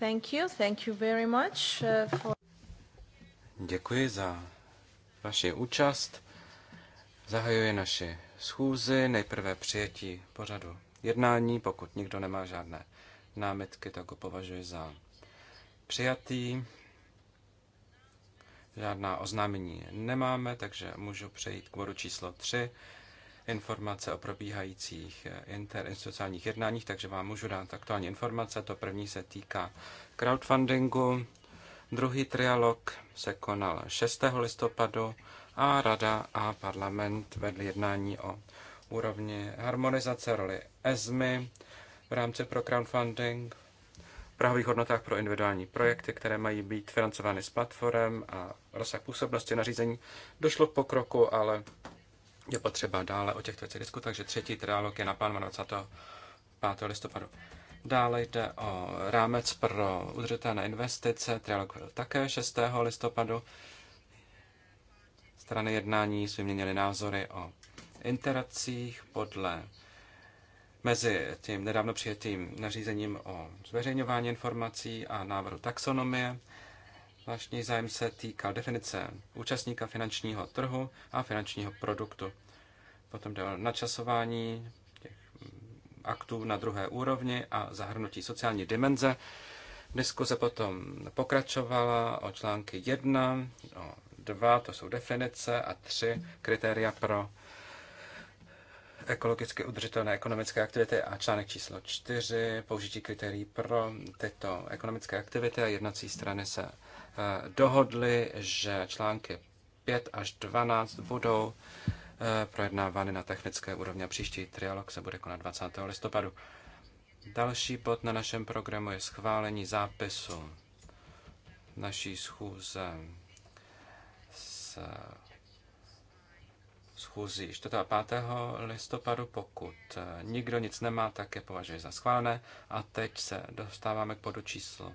Thank you, thank you very much uh, for... Děkuji za vaši účast. Zahajuji naši schůzi, nejprve přijetí pořadu jednání. Pokud nikdo nemá žádné námitky, tak ho považuji za přijatý. Žádná oznámení nemáme, takže můžu přejít k bodu číslo 3, informace o probíhajících eh, interinstitucionálních jednáních, takže vám můžu dát aktuální informace. To první se týká crowdfundingu. Druhý trialog se konal 6. listopadu a Rada a parlament vedli jednání o úrovni harmonizace roli ESMY v rámci pro crowdfunding, prahových hodnotách pro individuální projekty, které mají být financovány s platformem a rozsah působnosti nařízení. Došlo k pokroku, ale je potřeba dále o těchto věcech diskutovat, takže třetí trialog je naplánován 25. listopadu. Dále jde o rámec pro udržitelné investice, trialog byl také 6. listopadu. Strany jednání si měnili názory o interakcích podle mezi tím nedávno přijetým nařízením o zveřejňování informací a návrhu taxonomie. Zvláštní zájem se týká definice účastníka finančního trhu a finančního produktu potom dál načasování těch aktů na druhé úrovni a zahrnutí sociální dimenze. Diskuze potom pokračovala o články 1, o 2, to jsou definice, a 3, kritéria pro ekologicky udržitelné ekonomické aktivity a článek číslo 4, použití kritérií pro tyto ekonomické aktivity a jednací strany se eh, dohodly, že články 5 až 12 budou Eh, projednávány na technické úrovni a příští trialog se bude konat 20. listopadu. Další bod na našem programu je schválení zápisu naší schůze s schůzí 4. a 5. listopadu. Pokud eh, nikdo nic nemá, tak je považuji za schválené. A teď se dostáváme k bodu číslo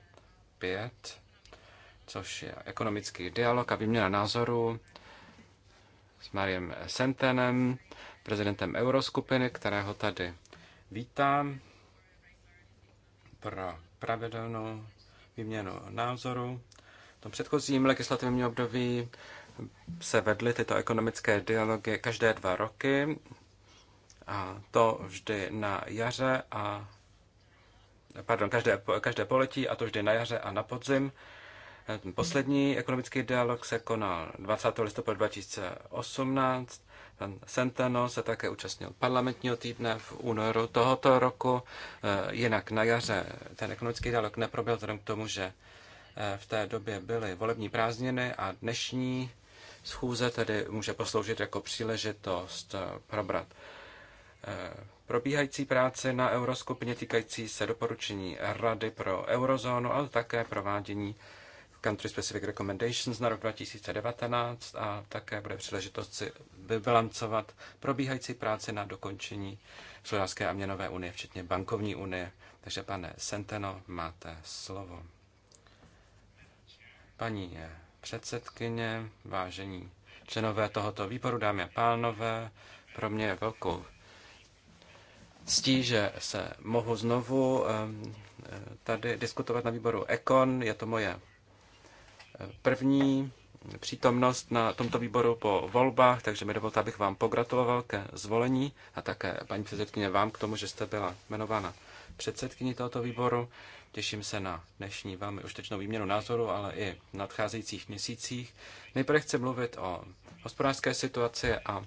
5, což je ekonomický dialog a výměna názorů s Mariem Sentenem, prezidentem Euroskupiny, kterého tady vítám pro pravidelnou výměnu názoru. V tom předchozím legislativním období se vedly tyto ekonomické dialogy každé dva roky, a to vždy na jaře a pardon, každé, každé poletí a to vždy na jaře a na podzim. Poslední ekonomický dialog se konal 20. listopadu 2018. Pan Centeno se také účastnil parlamentního týdne v únoru tohoto roku. Eh, jinak na jaře ten ekonomický dialog neproběhl vzhledem k tomu, že eh, v té době byly volební prázdniny a dnešní schůze tedy může posloužit jako příležitost eh, probrat probíhající práce na euroskupině týkající se doporučení Rady pro eurozónu, ale také provádění Country Specific Recommendations na rok 2019 a také bude příležitost si vybilancovat probíhající práci na dokončení Slovenské a měnové unie, včetně bankovní unie. Takže pane Senteno, máte slovo. Paní eh, předsedkyně, vážení členové tohoto výboru, dámy a pánové, pro mě je velkou ctí, že se mohu znovu eh, eh, tady diskutovat na výboru Ekon. Je to moje první přítomnost na tomto výboru po volbách, takže mi dovolte, abych vám pogratuloval ke zvolení a také paní předsedkyně vám k tomu, že jste byla jmenována předsedkyní tohoto výboru. Těším se na dnešní velmi užtečnou výměnu názoru, ale i v nadcházejících měsících. Nejprve chci mluvit o hospodářské situaci a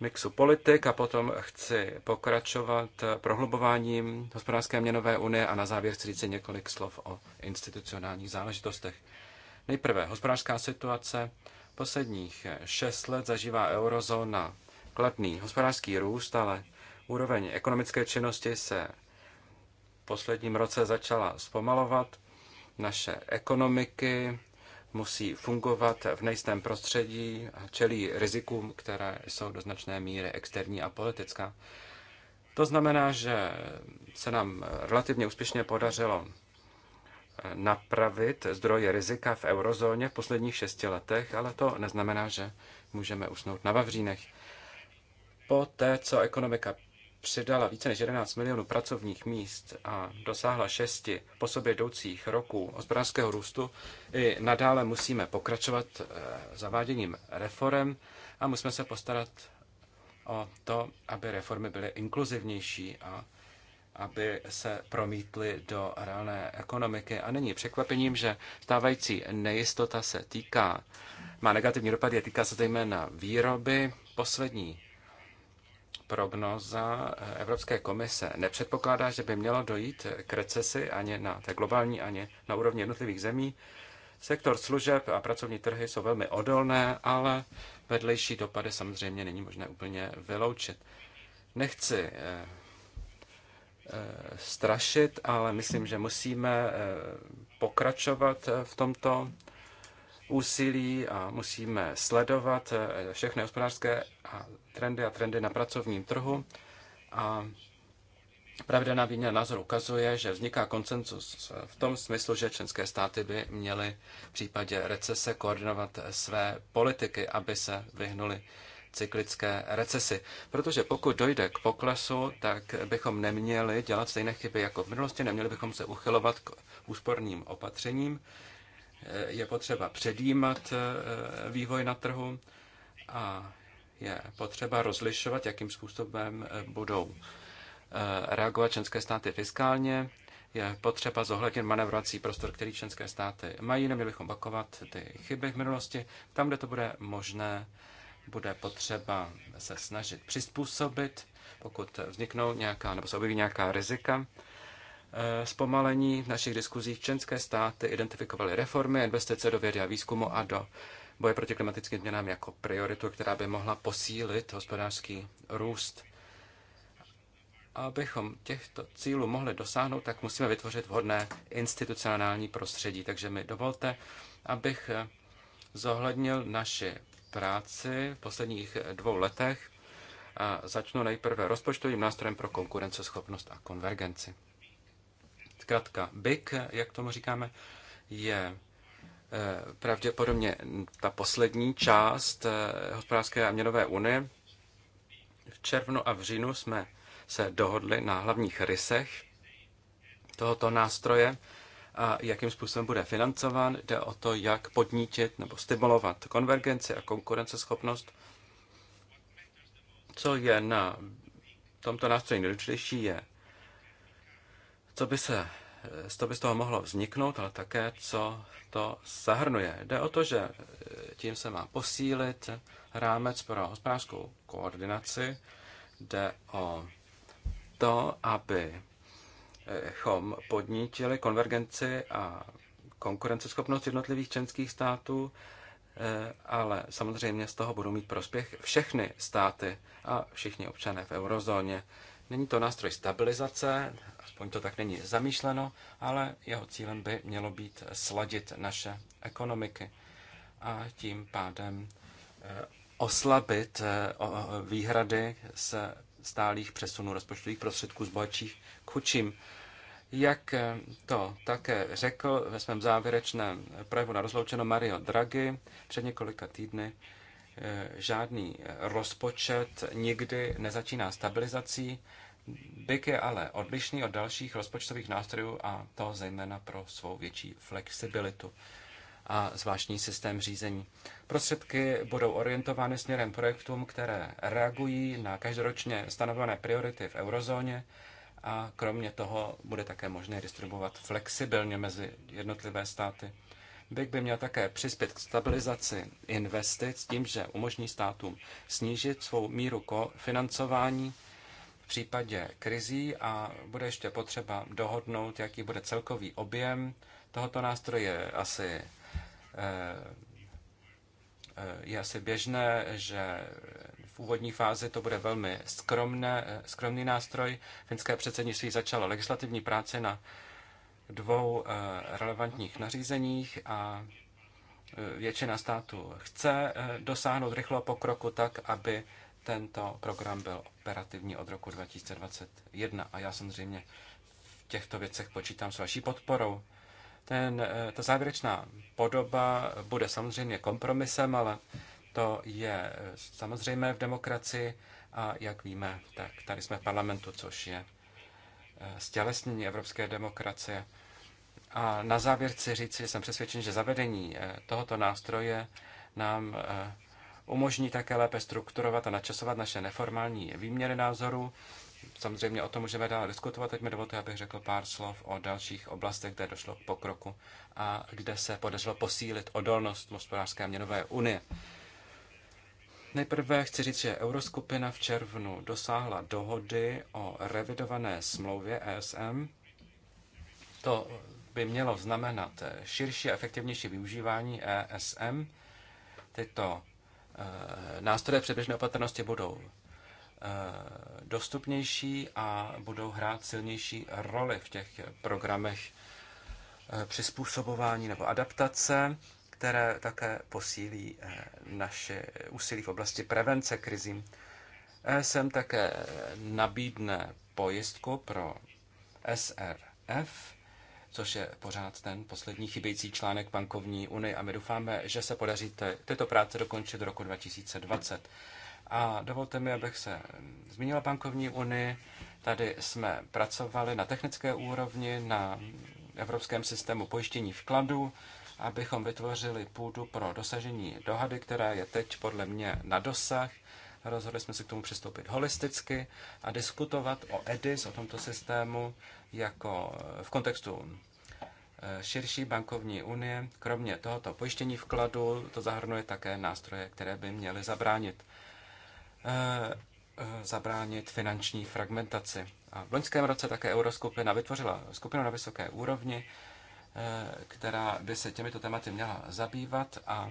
mixu politik a potom chci pokračovat prohlubováním hospodářské měnové unie a na závěr chci říct několik slov o institucionálních záležitostech. Nejprve hospodářská situace. Posledních šest let zažívá eurozóna kladný hospodářský růst, ale úroveň ekonomické činnosti se v posledním roce začala zpomalovat. Naše ekonomiky musí fungovat v nejistém prostředí a čelí rizikům, které jsou do značné míry externí a politická. To znamená, že se nám relativně úspěšně podařilo napravit zdroje rizika v eurozóně v posledních šesti letech, ale to neznamená, že můžeme usnout na Vavřínech. Po té, co ekonomika přidala více než 11 milionů pracovních míst a dosáhla šesti po sobě jdoucích roků hospodářského růstu, i nadále musíme pokračovat eh, zaváděním reform a musíme se postarat o to, aby reformy byly inkluzivnější a aby se promítly do reálné ekonomiky. A není překvapením, že stávající nejistota se týká, má negativní dopad, je týká se zejména výroby. Poslední prognoza Evropské komise nepředpokládá, že by mělo dojít k recesi ani na té globální, ani na úrovni jednotlivých zemí. Sektor služeb a pracovní trhy jsou velmi odolné, ale vedlejší dopady samozřejmě není možné úplně vyloučit. Nechci eh, Eh, strašit, ale myslím, že musíme eh, pokračovat eh, v tomto úsilí a musíme sledovat všechny hospodářské trendy a trendy na pracovním trhu. A pravidelná výměna názor ukazuje, že vzniká koncensus v tom smyslu, že členské státy by měly v případě recese koordinovat své politiky, aby se vyhnuli cyklické recesi. Protože pokud dojde k poklesu, tak bychom neměli dělat stejné chyby jako v minulosti, neměli bychom se uchylovat k úsporným opatřením. Je potřeba předjímat eh, vývoj na trhu a je potřeba rozlišovat, jakým způsobem eh, budou eh, reagovat členské státy fiskálně. Je potřeba zohlednit manevrovací prostor, který členské státy mají. Neměli bychom bakovat ty chyby v minulosti. Tam, kde to bude možné, bude potřeba se snažit přizpůsobit, pokud vzniknou nějaká nebo se objeví nějaká rizika. Eh, zpomalení v našich diskuzích členské státy identifikovaly reformy, investice do vědy a výzkumu a do boje proti klimatickým změnám jako prioritu, která by mohla posílit hospodářský růst. Abychom těchto cílů mohli dosáhnout, tak musíme vytvořit vhodné institucionální prostředí. Takže mi dovolte, abych eh, zohlednil naši práci v posledních dvou letech a začnu nejprve rozpočtovým nástrojem pro konkurenceschopnost a konvergenci. Zkrátka BIC, jak tomu říkáme, je eh, pravděpodobně ta poslední část eh, hospodářské a měnové unie. V červnu a v říjnu jsme se dohodli na hlavních rysech tohoto nástroje a jakým způsobem bude financován. Jde o to, jak podnítit nebo stimulovat konvergenci a konkurenceschopnost. Co je na tomto nástroji nejdůležitější je, co by se co by z toho mohlo vzniknout, ale také, co to zahrnuje. Jde o to, že eh, tím se má posílit rámec pro hospodářskou koordinaci, jde o to, aby chom podnítili konvergenci a konkurenceschopnost jednotlivých členských států, eh, ale samozřejmě z toho budou mít prospěch všechny státy a všichni občané v eurozóně. Není to nástroj stabilizace, aspoň to tak není zamýšleno, ale jeho cílem by mělo být sladit naše ekonomiky a tím pádem eh, oslabit eh, výhrady se stálých přesunů rozpočtových prostředků z bohatších k chudším. Jak to také řekl ve svém závěrečném projevu na rozloučeno Mario Draghi před několika týdny, eh, žádný rozpočet nikdy nezačíná stabilizací. BIK je ale odlišný od dalších rozpočtových nástrojů a to zejména pro svou větší flexibilitu a zvláštní systém řízení. Prostředky budou orientovány směrem projektům, které reagují na každoročně stanovené priority v eurozóně a kromě toho bude také možné distribuovat flexibilně mezi jednotlivé státy. BIC by měl také přispět k stabilizaci investic tím, že umožní státům snížit svou míru financování v případě krizí a bude ještě potřeba dohodnout, jaký bude celkový objem tohoto nástroje asi Eh, eh, je asi běžné, že v úvodní fázi to bude velmi skromné, eh, skromný nástroj. Finské předsednictví začalo legislativní práci na dvou relevantních nařízeních a většina států chce dosáhnout rychlo pokroku tak, aby tento program byl operativní od roku 2021 a já samozřejmě v těchto věcech počítám s vaší podporou. Ten, eh, ta závěrečná podoba bude samozřejmě kompromisem, ale to je eh, samozřejmé v demokracii a jak víme, tak tady jsme v parlamentu, což je eh, stělesnění evropské demokracie. A na závěr chci říct, že jsem přesvědčen, že zavedení tohoto nástroje nám umožní také lépe strukturovat a načasovat naše neformální výměny názorů Samozřejmě o tom můžeme dál diskutovat. Teď mi dovolte, abych řekl pár slov o dalších oblastech, kde došlo k pokroku a kde se podařilo posílit odolnost hospodářské a měnové unie. Nejprve chci říct, že Euroskupina v červnu dosáhla dohody o revidované smlouvě ESM. To by mělo znamenat širší a efektivnější využívání ESM. Tyto eh, nástroje předběžné opatrnosti budou Eh, dostupnější a budou hrát silnější roli v těch programech eh, přizpůsobování nebo adaptace, které také posílí eh, naše úsilí v oblasti prevence krizí. ESM také nabídne pojistku pro SRF, což je pořád ten poslední chybějící článek bankovní unie a my doufáme, že se podaří tyto práce dokončit do roku 2020. A dovolte mi, abych se zmínila bankovní unii. Tady jsme pracovali na technické úrovni, na evropském systému pojištění vkladů, abychom vytvořili půdu pro dosažení dohady, která je teď podle mě na dosah. Rozhodli jsme se k tomu přistoupit holisticky a diskutovat o EDIS, o tomto systému, jako v kontextu eh, širší bankovní unie. Kromě tohoto pojištění vkladu to zahrnuje také nástroje, které by měly zabránit Eh, eh, zabránit finanční fragmentaci. A v loňském roce také Euroskupina vytvořila skupinu na vysoké úrovni, eh, která by se těmito tématy měla zabývat a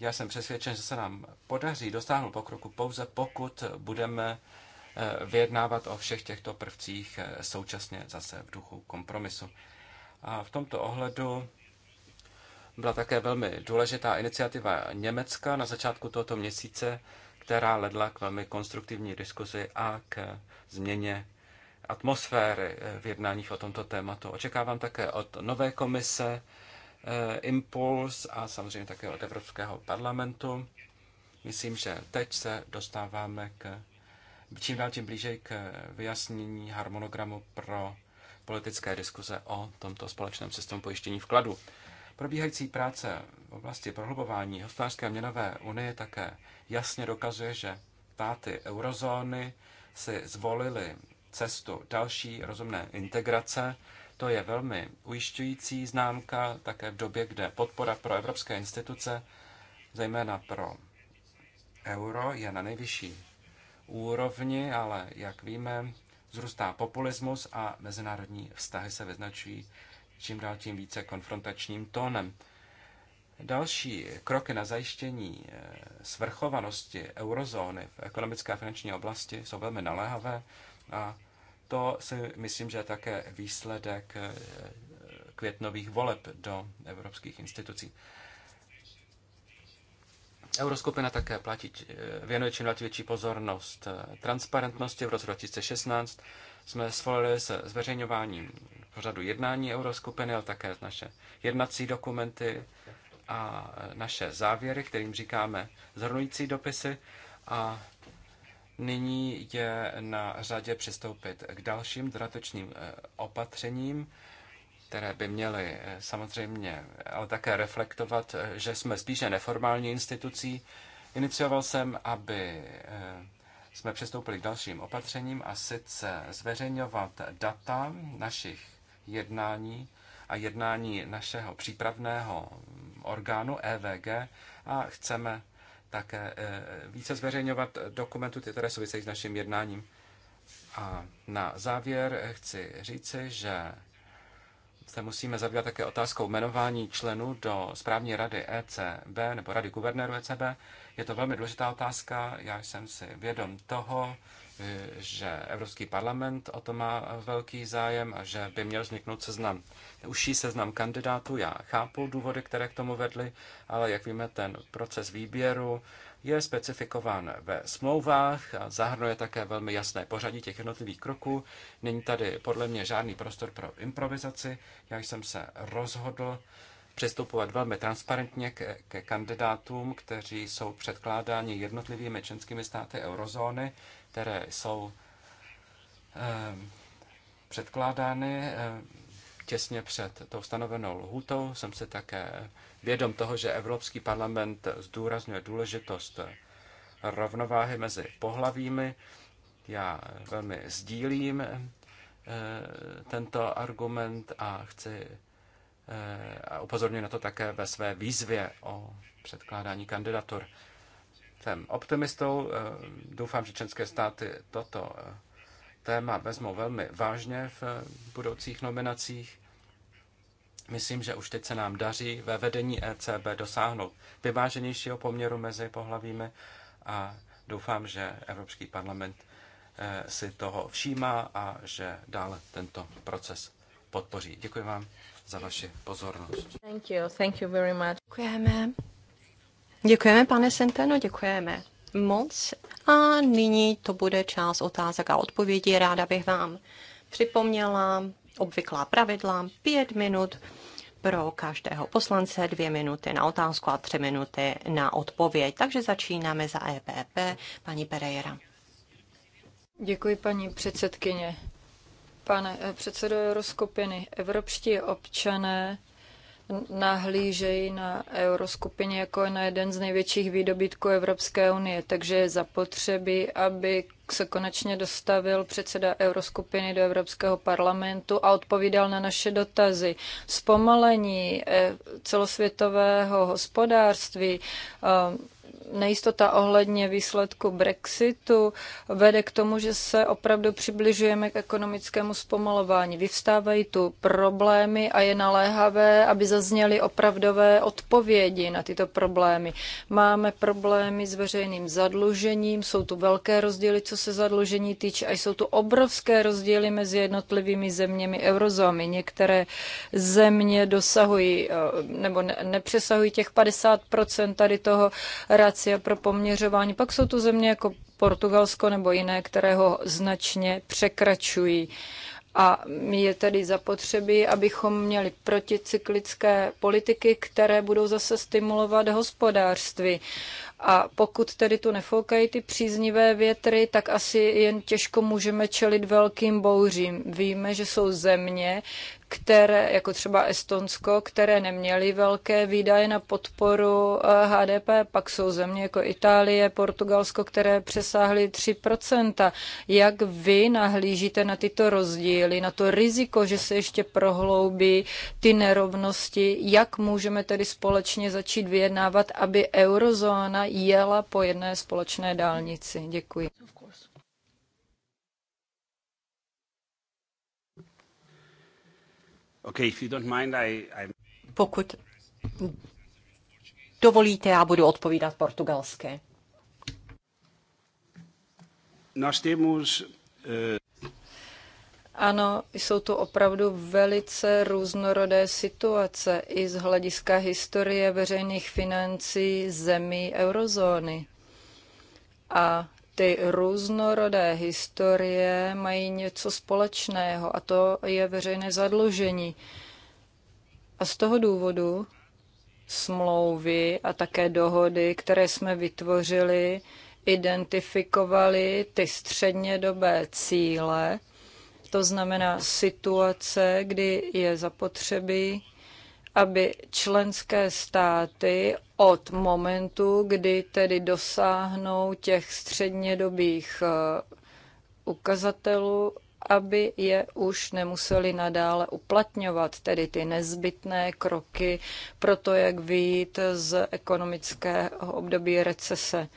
já jsem přesvědčen, že se nám podaří dosáhnout pokroku pouze pokud budeme vyjednávat o všech těchto prvcích současně zase v duchu kompromisu. A v tomto ohledu byla také velmi důležitá iniciativa Německa na začátku tohoto měsíce, která ledla k velmi konstruktivní diskuzi a k změně atmosféry eh, v jednáních o tomto tématu. Očekávám také od nové komise eh, impuls a samozřejmě také od Evropského parlamentu. Myslím, že teď se dostáváme k čím dál tím blíže k vyjasnění harmonogramu pro politické diskuze o tomto společném systému pojištění vkladu. Probíhající práce v oblasti prohlubování hospodářské a měnové unie také jasně dokazuje, že státy eurozóny si zvolili cestu další rozumné integrace. To je velmi ujišťující známka také v době, kde podpora pro evropské instituce, zejména pro euro, je na nejvyšší úrovni, ale jak víme, zrůstá populismus a mezinárodní vztahy se vyznačují čím dál tím více konfrontačním tónem. Další kroky na zajištění eh, svrchovanosti eurozóny v ekonomické a finanční oblasti jsou velmi naléhavé a to si myslím, že je také výsledek eh, květnových voleb do evropských institucí. Euroskupina také platí, eh, věnuje čím dál větší pozornost transparentnosti. V roce 2016 jsme svolili se zveřejňováním pořadu jednání Euroskupiny, ale také naše jednací dokumenty a naše závěry, kterým říkáme zhrnující dopisy. A nyní je na řadě přistoupit k dalším dodatečným eh, opatřením, které by měly eh, samozřejmě, ale také reflektovat, eh, že jsme spíše neformální institucí. Inicioval jsem, aby jsme přistoupili k dalším opatřením a sice zveřejňovat data našich jednání a jednání našeho přípravného orgánu EVG a chceme také e, více zveřejňovat dokumenty, které souvisejí s naším jednáním. A na závěr chci říci, že se musíme zabývat také otázkou jmenování členů do správní rady ECB nebo rady guvernéru ECB. Je to velmi důležitá otázka. Já jsem si vědom toho, že Evropský parlament o to má velký zájem a že by měl vzniknout seznam, užší seznam kandidátů. Já chápu důvody, které k tomu vedly, ale jak víme, ten proces výběru je specifikován ve smlouvách a zahrnuje také velmi jasné pořadí těch jednotlivých kroků. Není tady podle mě žádný prostor pro improvizaci. Já jsem se rozhodl přistupovat velmi transparentně ke, ke kandidátům, kteří jsou předkládáni jednotlivými členskými státy eurozóny které jsou ehm, předkládány ehm, těsně před tou stanovenou lhůtou. Jsem se také vědom toho, že Evropský parlament zdůrazňuje důležitost rovnováhy mezi pohlavími. Já velmi sdílím eh, tento argument a chci eh, a upozorňuji na to také ve své výzvě o předkládání kandidatur. Jsem optimistou, eh, doufám, že české státy toto eh, téma vezmou velmi vážně v eh, budoucích nominacích. Myslím, že už teď se nám daří ve vedení ECB dosáhnout vyváženějšího poměru mezi pohlavími a doufám, že Evropský parlament si toho všímá a že dále tento proces podpoří. Děkuji vám za vaši pozornost. Thank you. Thank you very much. Děkujeme. Děkujeme, pane Senteno, děkujeme moc. A nyní to bude část otázek a odpovědí. Ráda bych vám připomněla obvyklá pravidla, pět minut pro každého poslance, dvě minuty na otázku a tři minuty na odpověď. Takže začínáme za EPP, paní Pereira. Děkuji, paní předsedkyně. Pane eh, předsedo Euroskupiny, evropští občané nahlížejí na euroskupině jako na jeden z největších výdobytků Evropské unie, takže je zapotřebí, aby se konečně dostavil předseda euroskupiny do Evropského parlamentu a odpovídal na naše dotazy. Zpomalení eh, celosvětového hospodářství, eh, nejistota ohledně výsledku Brexitu vede k tomu, že se opravdu přibližujeme k ekonomickému zpomalování. Vyvstávají tu problémy a je naléhavé, aby zazněly opravdové odpovědi na tyto problémy. Máme problémy s veřejným zadlužením, jsou tu velké rozdíly, co se zadlužení týče, a jsou tu obrovské rozdíly mezi jednotlivými zeměmi eurozóny. Některé země dosahují eh, nebo nepřesahují těch 50 tady toho racionálního demokracie pro poměřování. Pak jsou tu země jako Portugalsko nebo jiné, které ho značně překračují. A je tedy zapotřebí, abychom měli proticyklické politiky, které budou zase stimulovat hospodářství. A pokud tedy tu nefoukají ty příznivé větry, tak asi jen těžko můžeme čelit velkým bouřím. Víme, že jsou země, které, jako třeba Estonsko, které neměly velké výdaje na podporu HDP, eh, pak jsou země jako Itálie, Portugalsko, které přesáhly 3%. Jak vy nahlížíte na tyto rozdíly, na to riziko, že se ještě prohloubí ty nerovnosti, jak můžeme tedy společně začít vyjednávat, aby eurozóna jela po jedné společné dálnici? Děkuji. Pokud dovolíte, já budu odpovídat portugalské. Eh, ano, jsou to opravdu velice různorodé situace i z hlediska historie veřejných financí zemí eurozóny. A ty různorodé historie mají něco společného a to je veřejné zadlužení. A z toho důvodu smlouvy a také dohody, které jsme vytvořili, identifikovali ty střednědobé cíle, to znamená situace, kdy je zapotřebí aby členské státy od momentu, kdy tedy dosáhnou těch střednědobých eh, ukazatelů, aby je už nemuseli nadále uplatňovat, tedy ty nezbytné kroky pro to, jak vyjít z ekonomického období recese.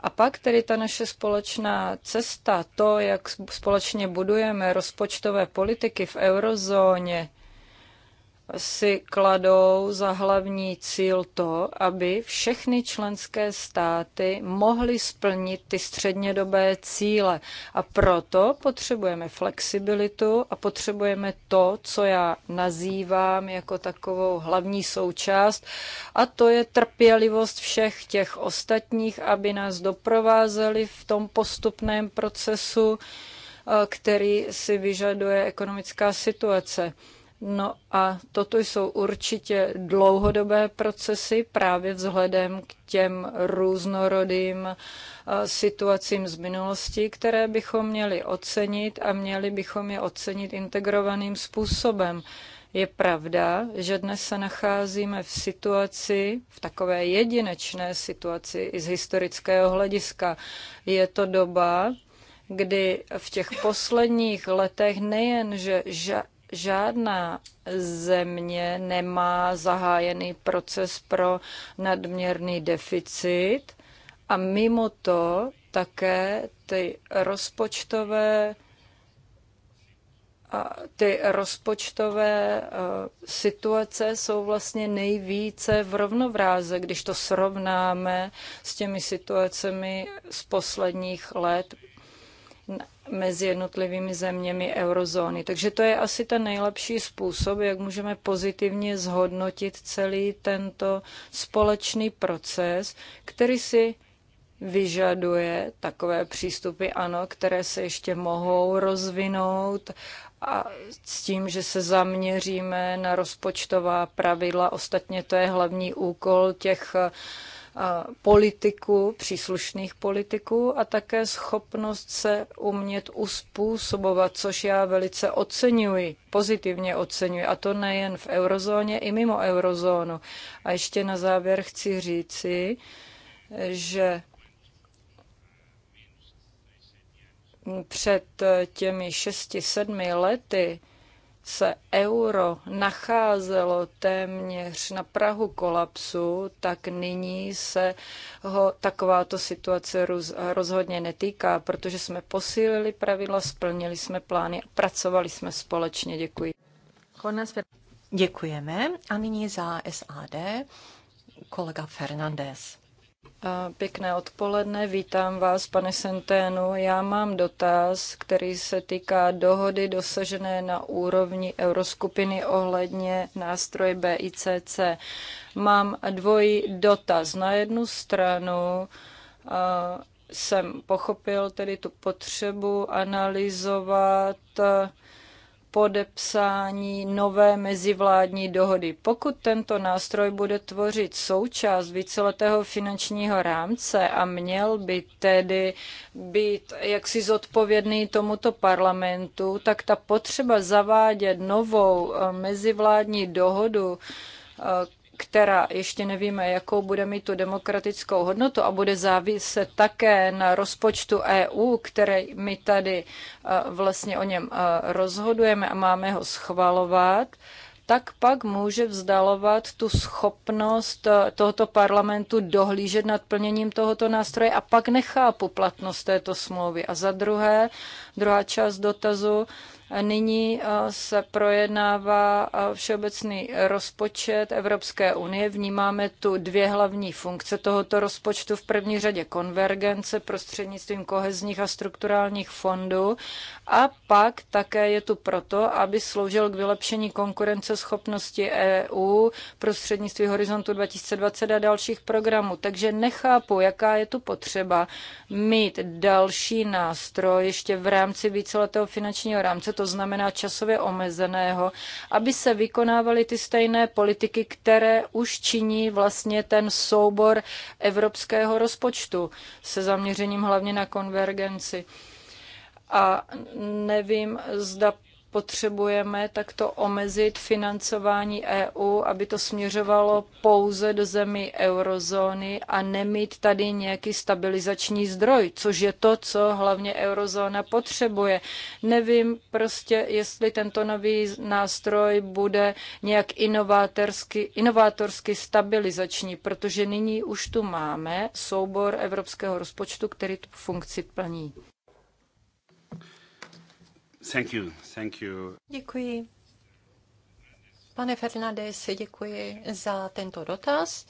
A pak tedy ta naše společná cesta, to, jak společně budujeme rozpočtové politiky v eurozóně, si kladou za hlavní cíl to, aby všechny členské státy mohly splnit ty střednědobé cíle. A proto potřebujeme flexibilitu a potřebujeme to, co já nazývám jako takovou hlavní součást, a to je trpělivost všech těch ostatních, aby nás doprovázeli v tom postupném procesu, eh, který si vyžaduje ekonomická situace. No a toto jsou určitě dlouhodobé procesy právě vzhledem k těm různorodým eh, situacím z minulosti, které bychom měli ocenit a měli bychom je ocenit integrovaným způsobem. Je pravda, že dnes se nacházíme v situaci, v takové jedinečné situaci i z historického hlediska. Je to doba, kdy v těch posledních letech nejen, že žádná země nemá zahájený proces pro nadměrný deficit a mimo to také ty rozpočtové a ty rozpočtové situace jsou vlastně nejvíce v rovnovráze, když to srovnáme s těmi situacemi z posledních let mezi jednotlivými zeměmi eurozóny. Takže to je asi ten nejlepší způsob, jak můžeme pozitivně zhodnotit celý tento společný proces, který si vyžaduje takové přístupy, ano, které se ještě mohou rozvinout a s tím, že se zaměříme na rozpočtová pravidla. Ostatně to je hlavní úkol těch uh, politiků, příslušných politiků a také schopnost se umět uspůsobovat, což já velice oceňuji, pozitivně oceňuji, a to nejen v eurozóně, i mimo eurozónu. A ještě na závěr chci říci, že před těmi šesti, sedmi lety se euro nacházelo téměř na Prahu kolapsu, tak nyní se ho takováto situace rozhodně netýká, protože jsme posílili pravidla, splnili jsme plány a pracovali jsme společně. Děkuji. Děkujeme. A nyní za SAD kolega Fernandez. Pěkné odpoledne, vítám vás, pane Senténu. Já mám dotaz, který se týká dohody dosažené na úrovni euroskupiny ohledně nástroje BICC. Mám dvojí dotaz. Na jednu stranu jsem pochopil tedy tu potřebu analyzovat podepsání nové mezivládní dohody. Pokud tento nástroj bude tvořit součást víceletého finančního rámce a měl by tedy být jaksi zodpovědný tomuto parlamentu, tak ta potřeba zavádět novou eh, mezivládní dohodu, eh, která ještě nevíme, jakou bude mít tu demokratickou hodnotu a bude záviset také na rozpočtu EU, který my tady eh, vlastně o něm eh, rozhodujeme a máme ho schvalovat, tak pak může vzdalovat tu schopnost eh, tohoto parlamentu dohlížet nad plněním tohoto nástroje a pak nechápu platnost této smlouvy. A za druhé, druhá část dotazu, Nyní eh, se projednává eh, všeobecný rozpočet Evropské unie. Vnímáme tu dvě hlavní funkce tohoto rozpočtu. V první řadě konvergence prostřednictvím kohezních a strukturálních fondů a pak také je tu proto, aby sloužil k vylepšení konkurenceschopnosti EU prostřednictvím Horizontu 2020 a dalších programů. Takže nechápu, jaká je tu potřeba mít další nástroj ještě v rámci víceletého finančního rámce to znamená časově omezeného, aby se vykonávaly ty stejné politiky, které už činí vlastně ten soubor evropského rozpočtu se zaměřením hlavně na konvergenci. A nevím, zda potřebujeme takto omezit financování EU, aby to směřovalo pouze do zemí eurozóny a nemít tady nějaký stabilizační zdroj, což je to, co hlavně eurozóna potřebuje. Nevím prostě, jestli tento nový nástroj bude nějak inovátorsky, inovátorsky stabilizační, protože nyní už tu máme soubor evropského rozpočtu, který tu funkci plní. Thank you, thank you. Děkuji. Pane Fernandez, děkuji za tento dotaz.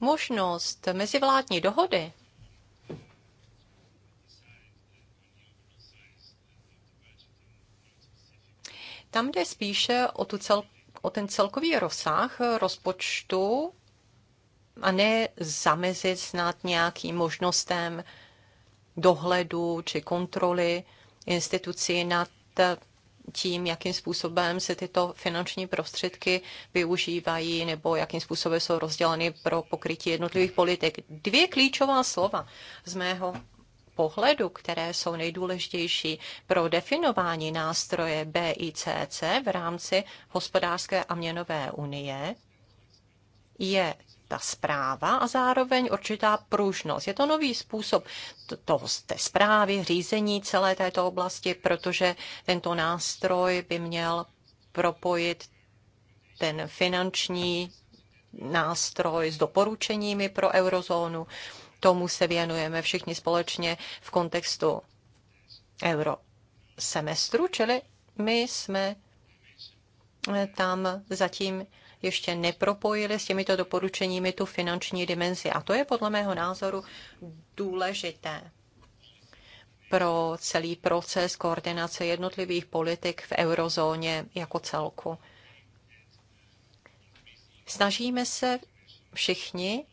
Možnost mezivládní dohody Tam jde spíše o, tu cel, o ten celkový rozsah rozpočtu a ne zamezit snad nějakým možnostem dohledu či kontroly institucí nad tím, jakým způsobem se tyto finanční prostředky využívají nebo jakým způsobem jsou rozděleny pro pokrytí jednotlivých politik. Dvě klíčová slova z mého pohledu, které jsou nejdůležitější pro definování nástroje BICC v rámci hospodářské a měnové unie, je ta zpráva a zároveň určitá pružnost. Je to nový způsob toho, té zprávy, řízení celé této oblasti, protože tento nástroj by měl propojit ten finanční nástroj s doporučeními pro eurozónu. Tomu se věnujeme všichni společně v kontextu euro semestru, čili my jsme eh, tam zatím ještě nepropojili s těmito doporučeními tu finanční dimenzi. A to je podle mého názoru důležité pro celý proces koordinace jednotlivých politik v eurozóně jako celku. Snažíme se všichni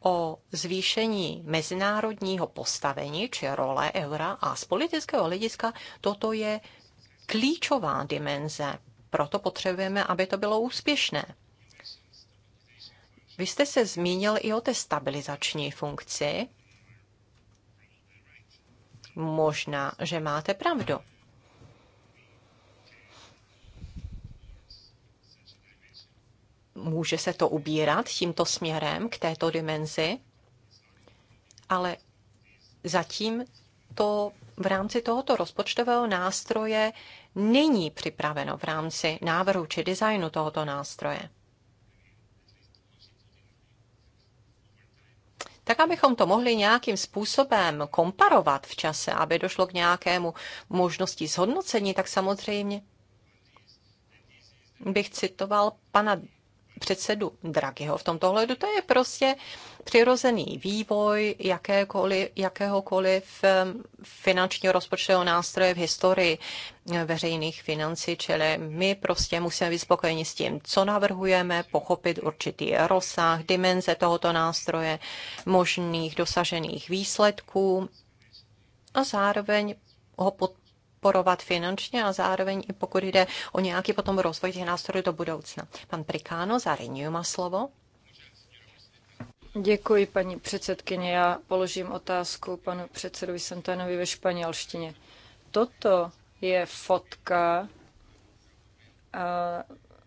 o zvýšení mezinárodního postavení či role eura a z politického hlediska toto je klíčová dimenze proto potřebujeme, aby to bylo úspěšné. Vy jste se zmínil i o té stabilizační funkci. Možná, že máte pravdu. Může se to ubírat tímto směrem k této dimenzi, ale zatím to v rámci tohoto rozpočtového nástroje není připraveno v rámci návrhu či designu tohoto nástroje. tak abychom to mohli nějakým způsobem komparovat v čase, aby došlo k nějakému možnosti zhodnocení, tak samozřejmě bych citoval pana předsedu Draghiho v tomto hledu. To je prostě přirozený vývoj jakékoliv, jakéhokoliv finančního rozpočtového nástroje v historii eh, veřejných financí, čili my prostě musíme být spokojeni s tím, co navrhujeme, pochopit určitý rozsah, dimenze tohoto nástroje, možných dosažených výsledků a zároveň ho pod podporovat finančně a zároveň i pokud jde o nějaký potom rozvoj těch nástrojů do budoucna. Pan Prikáno za Renew má slovo. Děkuji, paní předsedkyně. Já položím otázku panu předsedovi Santanovi ve španělštině. Toto je fotka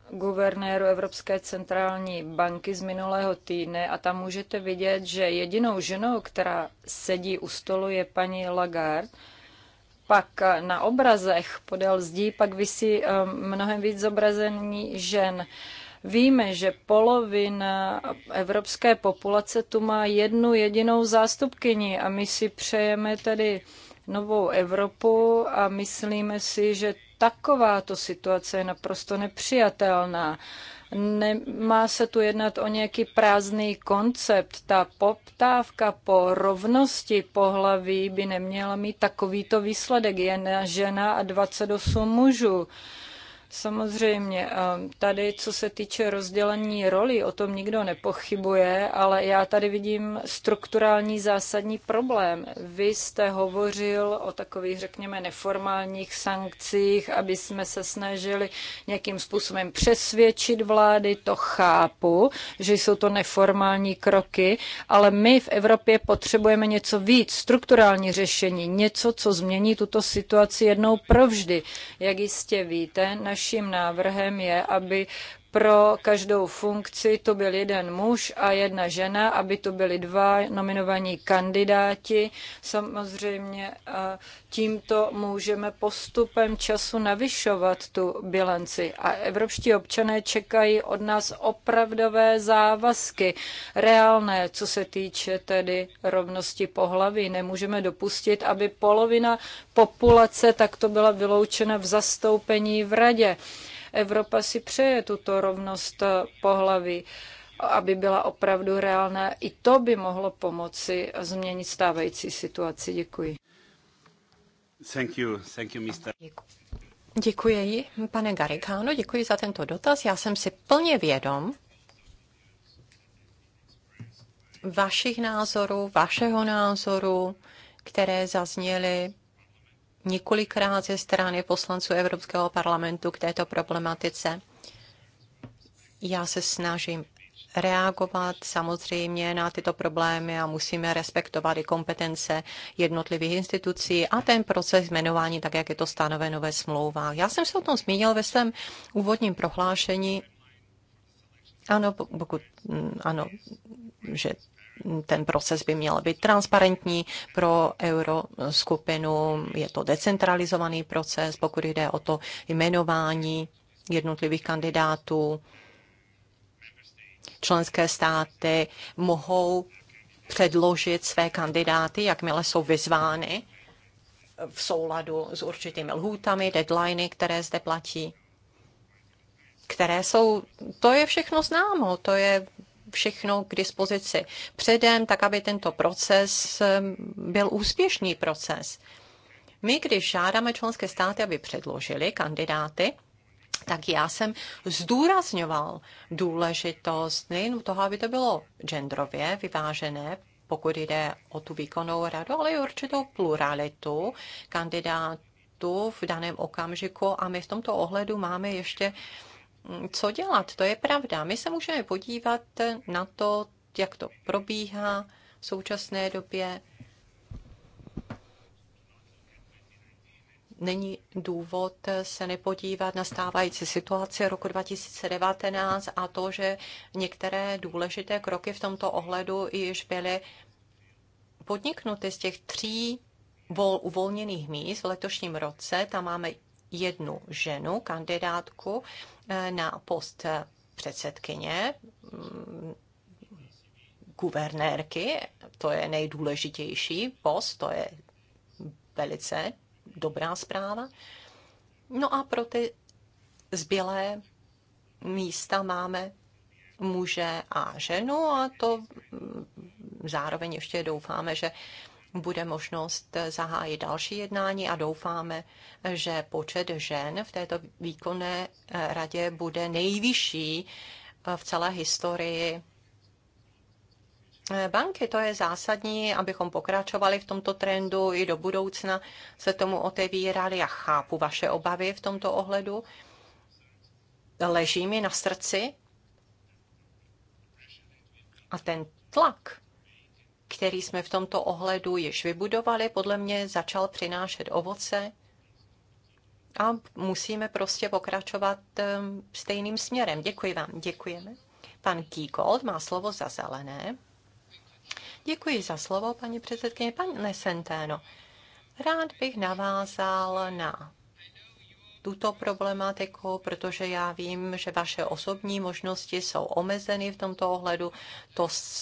guvernéru Evropské centrální banky z minulého týdne a tam můžete vidět, že jedinou ženou, která sedí u stolu, je paní Lagarde pak na obrazech podél zdí pak vysí um, mnohem víc zobrazení žen. Víme, že polovina evropské populace tu má jednu jedinou zástupkyni a my si přejeme tedy novou Evropu a myslíme si, že takováto situace je naprosto nepřijatelná. Nemá se tu jednat o nějaký prázdný koncept. Ta poptávka po rovnosti pohlaví by neměla mít takovýto výsledek. Jedna žena a 28 mužů. Samozřejmě, tady co se týče rozdělení roli, o tom nikdo nepochybuje, ale já tady vidím strukturální zásadní problém. Vy jste hovořil o takových, řekněme, neformálních sankcích, aby jsme se snažili nějakým způsobem přesvědčit vlády, to chápu, že jsou to neformální kroky, ale my v Evropě potřebujeme něco víc, strukturální řešení, něco, co změní tuto situaci jednou provždy. Jak jistě víte, naši naším návrhem je, aby pro každou funkci to byl jeden muž a jedna žena, aby to byli dva nominovaní kandidáti. Samozřejmě tímto můžeme postupem času navyšovat tu bilanci. A evropští občané čekají od nás opravdové závazky, reálné, co se týče tedy rovnosti pohlaví. Nemůžeme dopustit, aby polovina populace takto byla vyloučena v zastoupení v radě. Evropa si přeje tuto rovnost pohlaví, aby byla opravdu reálná. I to by mohlo pomoci změnit stávající situaci. Děkuji. Thank you. Thank you, Mr. Děkuji, pane Garikáno, děkuji za tento dotaz. Já jsem si plně vědom vašich názorů, vašeho názoru, které zazněly několikrát ze strany poslanců Evropského parlamentu k této problematice. Já se snažím reagovat samozřejmě na tyto problémy a musíme respektovat i kompetence jednotlivých institucí a ten proces jmenování, tak jak je to stanoveno ve smlouvách. Já jsem se o tom zmínil ve svém úvodním prohlášení. Ano, pokud, ano, že ten proces by měl být transparentní pro euroskupinu. Je to decentralizovaný proces, pokud jde o to jmenování jednotlivých kandidátů. Členské státy mohou předložit své kandidáty, jakmile jsou vyzvány v souladu s určitými lhůtami, deadliny, které zde platí, které jsou, to je všechno známo, to je všechno k dispozici předem, tak aby tento proces ehm, byl úspěšný proces. My, když žádáme členské státy, aby předložili kandidáty, tak já jsem zdůrazňoval důležitost nejen toho, aby to bylo genderově vyvážené, pokud jde o tu výkonnou radu, ale i určitou pluralitu kandidátů v daném okamžiku. A my v tomto ohledu máme ještě uh, Mm, co dělat, to je pravda. My se můžeme podívat na to, jak to probíhá v současné době. Není důvod se nepodívat na stávající situaci roku 2019 a to, že některé důležité kroky v tomto ohledu již byly podniknuty z těch tří vol uvolněných míst v letošním roce. Tam máme jednu ženu, kandidátku eh, na post předsedkyně mm, guvernérky, to je nejdůležitější post, to je velice dobrá zpráva. No a pro ty zbylé místa máme muže a ženu a to mm, zároveň ještě doufáme, že bude možnost zahájit další jednání a doufáme, že počet žen v této výkonné eh, radě bude nejvyšší eh, v celé historii eh, banky. To je zásadní, abychom pokračovali v tomto trendu i do budoucna se tomu otevírali. Já chápu vaše obavy v tomto ohledu. Leží mi na srdci a ten tlak, který jsme v tomto ohledu již vybudovali, podle mě začal přinášet ovoce a musíme prostě pokračovat ehm, stejným směrem. Děkuji vám. Děkujeme. Pan Kýkold má slovo za zelené. Děkuji za slovo, paní předsedkyně. Pane Senténo, rád bych navázal na tuto problematiku, protože já vím, že vaše osobní možnosti jsou omezeny v tomto ohledu,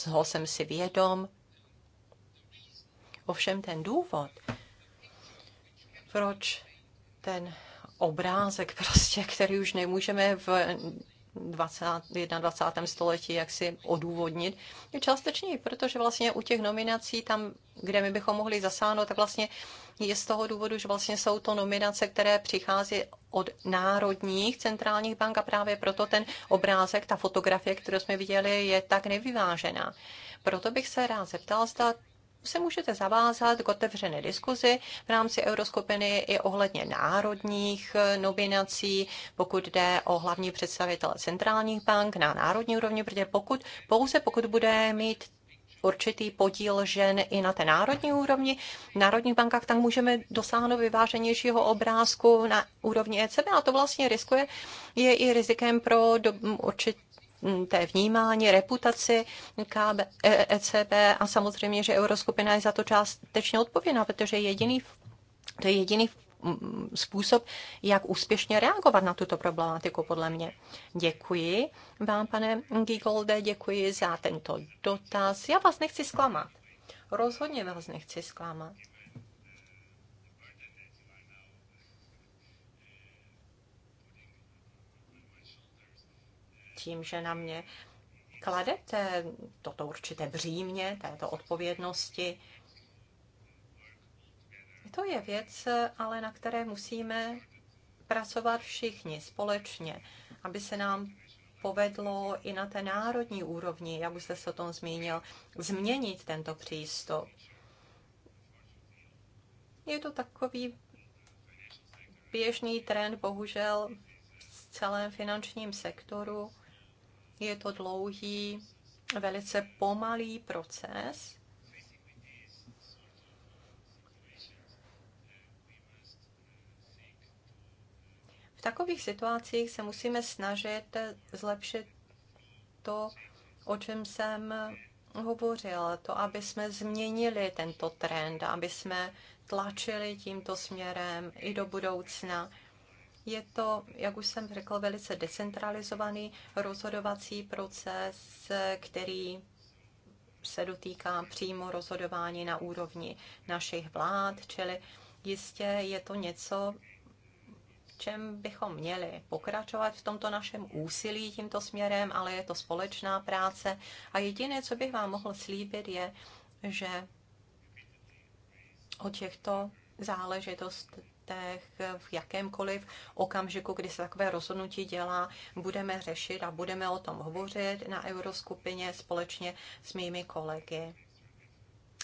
toho jsem si vědom. Ovšem ten důvod, proč ten obrázek prostě, který už nemůžeme v 20, 21. století jaksi odůvodnit, je částečný, protože vlastně u těch nominací tam, kde my bychom mohli zasáhnout, tak vlastně je z toho důvodu, že vlastně jsou to nominace, které přichází od národních centrálních bank a právě proto ten obrázek, ta fotografie, kterou jsme viděli, je tak nevyvážená. Proto bych se rád zeptal, zda se můžete zavázat k otevřené diskuzi v rámci Euroskupiny i ohledně národních eh, nominací, pokud jde o hlavní představitele centrálních bank na národní úrovni, protože pokud, pouze pokud bude mít určitý podíl žen i na té národní úrovni. V národních bankách tak můžeme dosáhnout vyváženějšího obrázku na úrovni ECB a to vlastně riskuje, je i rizikem pro do, určitě Mm, té vnímání, reputaci KB, ECB e a samozřejmě, že Euroskupina je za to částečně odpovědná, protože jediný, to je jediný způsob, jak úspěšně reagovat na tuto problematiku, podle mě. Děkuji vám, pane Gigolde, děkuji za tento dotaz. Já vás nechci zklamat. Rozhodně vás nechci zklamat. tím, že na mě kladete toto určité břímě, této odpovědnosti. To je věc, ale na které musíme pracovat všichni společně, aby se nám povedlo i na té národní úrovni, jak už jste se o tom zmínil, změnit tento přístup. Je to takový běžný trend, bohužel, v celém finančním sektoru. Je to dlouhý, velice pomalý proces. V takových situacích se musíme snažit zlepšit to, o čem jsem hovořil, to, aby jsme změnili tento trend, aby jsme tlačili tímto směrem i do budoucna. Je to, jak už jsem řekl, velice decentralizovaný rozhodovací proces, který se dotýká přímo rozhodování na úrovni našich vlád, čili jistě je to něco, čem bychom měli pokračovat v tomto našem úsilí tímto směrem, ale je to společná práce. A jediné, co bych vám mohl slíbit, je, že o těchto záležitostech letech, v jakémkoliv okamžiku, kdy se takové rozhodnutí dělá, budeme řešit a budeme o tom hovořit na euroskupině společně s mými kolegy.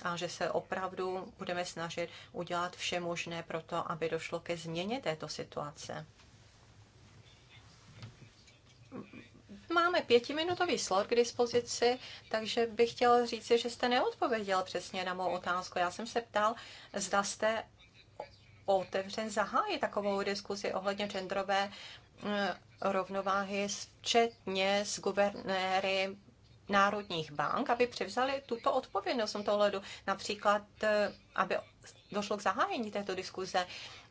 A že se opravdu budeme snažit udělat vše možné pro to, aby došlo ke změně této situace. Máme pětiminutový slot k dispozici, takže bych chtěl říct, že jste neodpověděl přesně na mou otázku. Já jsem se ptal, zda jste otevřen zahájit takovou diskusi ohledně genderové eh, rovnováhy, včetně s guvernéry národních bank, aby převzali tuto odpovědnost v tomto hledu. Například, eh, aby došlo k zahájení této diskuze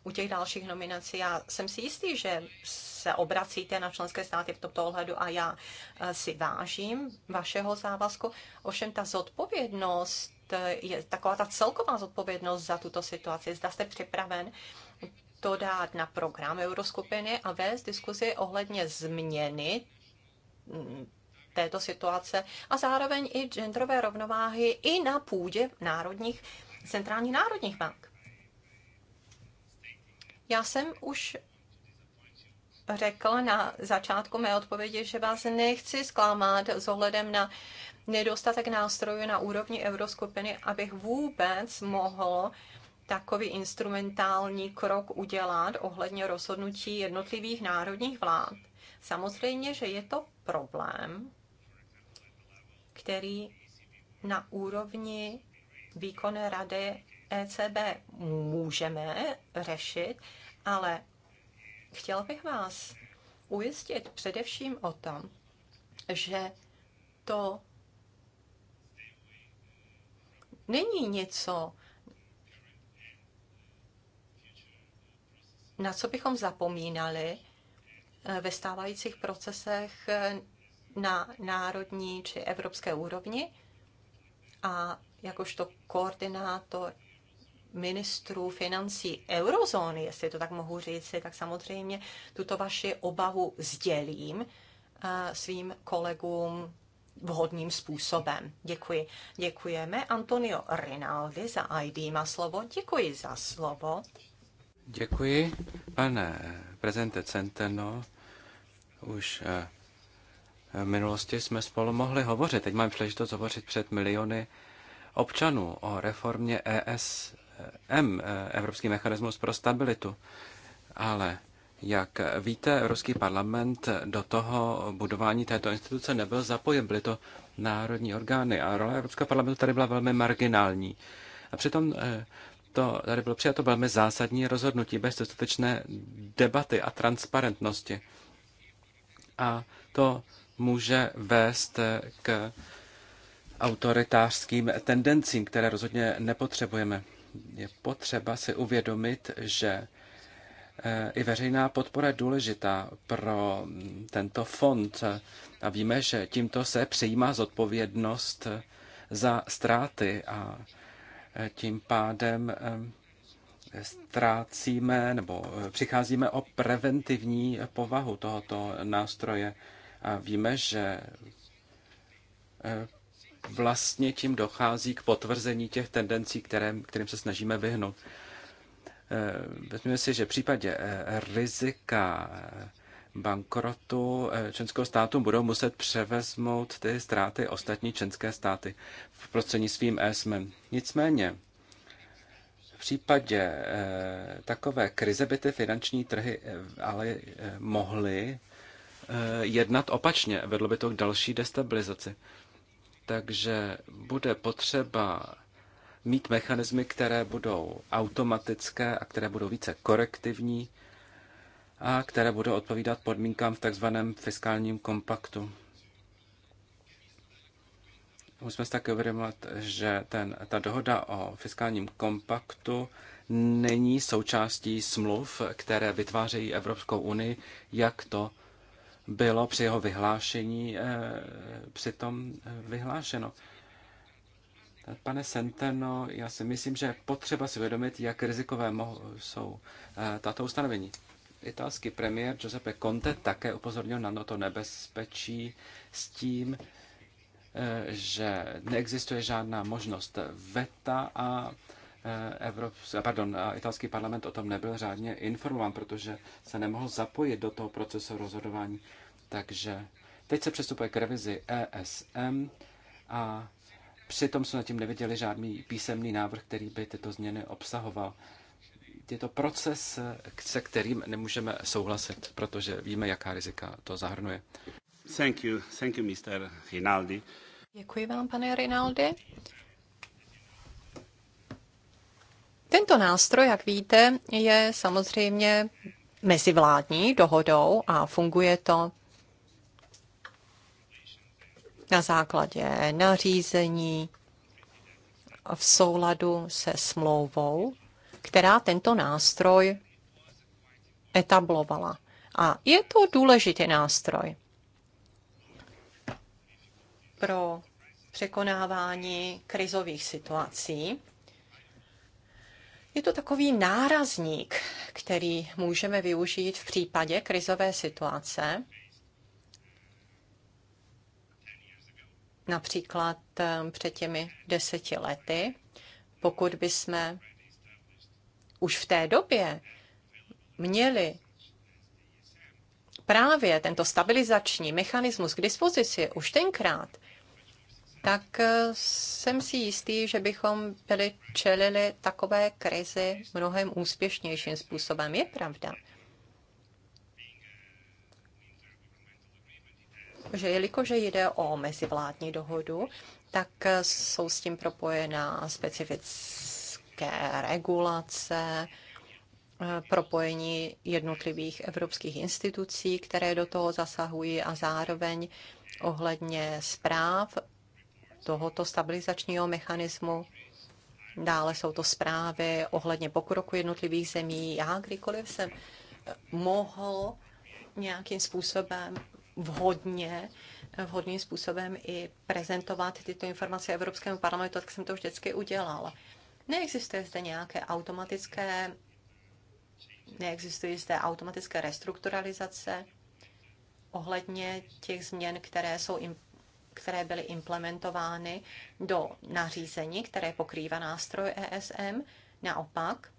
u těch dalších nominací. Já jsem si jistý, že se obracíte na členské státy v tomto ohledu a já eh, si vážím vašeho závazku. Ovšem ta zodpovědnost eh, je taková ta celková zodpovědnost za tuto situaci. Zda jste připraven to dát na program Euroskupiny a vést diskuzi ohledně změny mm, této situace a zároveň i genderové rovnováhy i na půdě národních, centrálních národních bank. Já jsem už řekl na začátku mé odpovědi, že vás nechci zklamat s ohledem na nedostatek nástrojů na úrovni euroskupiny, abych vůbec mohl takový instrumentální krok udělat ohledně rozhodnutí jednotlivých národních vlád. Samozřejmě, že je to problém, který na úrovni výkonné rady ECB můžeme řešit, ale chtěla bych vás ujistit především o tom, že to není něco, na co bychom zapomínali eh, ve stávajících procesech eh, na národní či evropské úrovni. A jakožto koordinátor ministrů financí eurozóny, jestli to tak mohu říct, tak samozřejmě tuto vaši obavu sdělím eh, svým kolegům vhodným způsobem. Děkuji. Děkujeme. Antonio Rinaldi za ID má slovo. Děkuji za slovo. Děkuji. Pane prezidente Centeno, už eh, v minulosti jsme spolu mohli hovořit. Teď mám příležitost hovořit před miliony občanů o reformě ES EM, eh, Evropský mechanismus pro stabilitu. Ale jak víte, Evropský parlament do toho budování této instituce nebyl zapojen, byly to národní orgány a role Evropského parlamentu tady byla velmi marginální. A přitom eh, to, tady bylo přijato velmi zásadní rozhodnutí bez dostatečné debaty a transparentnosti. A to může vést k autoritářským tendencím, které rozhodně nepotřebujeme je potřeba si uvědomit, že eh, i veřejná podpora je důležitá pro tento fond. A víme, že tímto se přijímá zodpovědnost za ztráty a eh, tím pádem eh, ztrácíme nebo přicházíme o preventivní povahu tohoto nástroje. A víme, že vlastně tím dochází k potvrzení těch tendencí, kterým, kterým se snažíme vyhnout. Eh, vezměme si, že v případě eh, rizika eh, bankrotu členského státu budou muset převezmout ty ztráty ostatní členské státy v svým ESM. E Nicméně, v případě takové krize by ty finanční trhy ale mohly jednat opačně. Vedlo by to k další destabilizaci. Takže bude potřeba mít mechanismy, které budou automatické a které budou více korektivní a které budou odpovídat podmínkám v takzvaném fiskálním kompaktu. Musíme si také uvědomovat, že ten, ta dohoda o fiskálním kompaktu není součástí smluv, které vytvářejí Evropskou unii, jak to bylo při jeho vyhlášení eh, přitom eh, vyhlášeno. Pane Senteno, já si myslím, že je potřeba si uvědomit, jak rizikové jsou eh, tato ustanovení. Italský premiér Giuseppe Conte také upozornil na to nebezpečí s tím, že neexistuje žádná možnost veta a Evropský, pardon, italský parlament o tom nebyl řádně informován, protože se nemohl zapojit do toho procesu rozhodování. Takže teď se přestupuje k revizi ESM a přitom jsme tím neviděli žádný písemný návrh, který by tyto změny obsahoval. Je to proces, se kterým nemůžeme souhlasit, protože víme, jaká rizika to zahrnuje. Thank you, thank you, Mr. Rinaldi. Děkuji vám, pane Rinaldi. Tento nástroj, jak víte, je samozřejmě mezivládní dohodou a funguje to na základě nařízení v souladu se smlouvou, která tento nástroj etablovala. A je to důležitý nástroj pro překonávání krizových situací je to takový nárazník, který můžeme využít v případě krizové situace. Například eh, před těmi deseti lety, pokud by jsme už v té době měli právě tento stabilizační mechanismus k dispozici už tenkrát, tak eh, jsem si jistý, že bychom byli čelili takové krizi mnohem úspěšnějším způsobem. Je pravda, že jelikož jde o mezivládní dohodu, tak eh, jsou s tím propojená specifické regulace, eh, propojení jednotlivých evropských institucí, které do toho zasahují a zároveň ohledně zpráv tohoto stabilizačního mechanismu. Dále jsou to zprávy ohledně pokroku jednotlivých zemí. Já kdykoliv jsem eh, mohl nějakým způsobem vhodně, eh, vhodným způsobem i prezentovat tyto informace Evropskému parlamentu, tak jsem to vždycky udělal. Neexistuje zde nějaké automatické, neexistuje zde automatické restrukturalizace ohledně těch změn, které jsou které byly implementovány do nařízení, které pokrývá nástroj ESM. Naopak,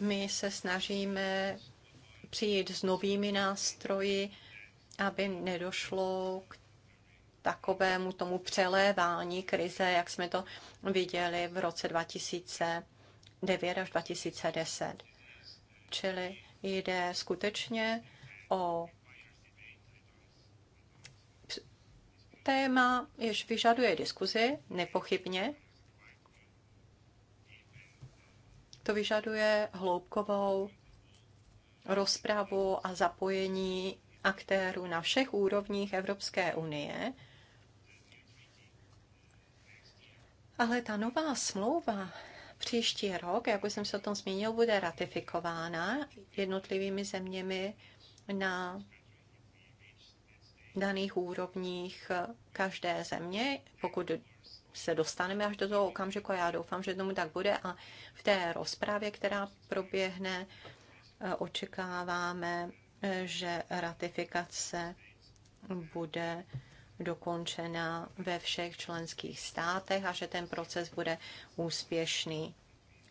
my se snažíme přijít s novými nástroji, aby nedošlo k takovému tomu přelévání krize, jak jsme to viděli v roce 2009 až 2010. Čili jde skutečně o téma, jež vyžaduje diskuzi, nepochybně. To vyžaduje hloubkovou rozpravu a zapojení aktérů na všech úrovních Evropské unie. Ale ta nová smlouva příští rok, jak už jsem se o tom zmínil, bude ratifikována jednotlivými zeměmi na daných úrovních každé země, pokud se dostaneme až do toho okamžiku, já doufám, že tomu tak bude a v té rozprávě, která proběhne, očekáváme, že ratifikace bude dokončena ve všech členských státech a že ten proces bude úspěšný.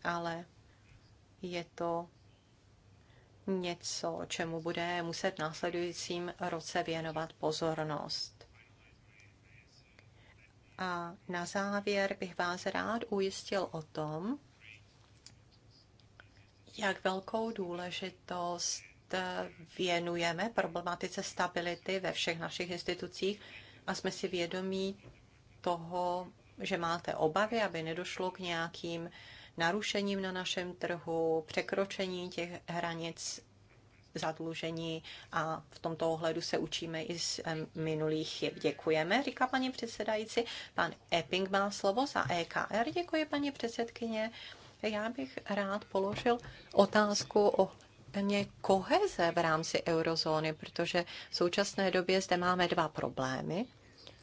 Ale je to něco, čemu bude muset v následujícím roce věnovat pozornost. A na závěr bych vás rád ujistil o tom, jak velkou důležitost věnujeme problematice stability ve všech našich institucích a jsme si vědomí toho, že máte obavy, aby nedošlo k nějakým narušením na našem trhu, překročení těch hranic zadlužení a v tomto ohledu se učíme i z minulých chyb. Děkujeme, říká paní předsedající. Pan Epping má slovo za EKR. Děkuji, paní předsedkyně. Já bych rád položil otázku o mě koheze v rámci eurozóny, protože v současné době zde máme dva problémy.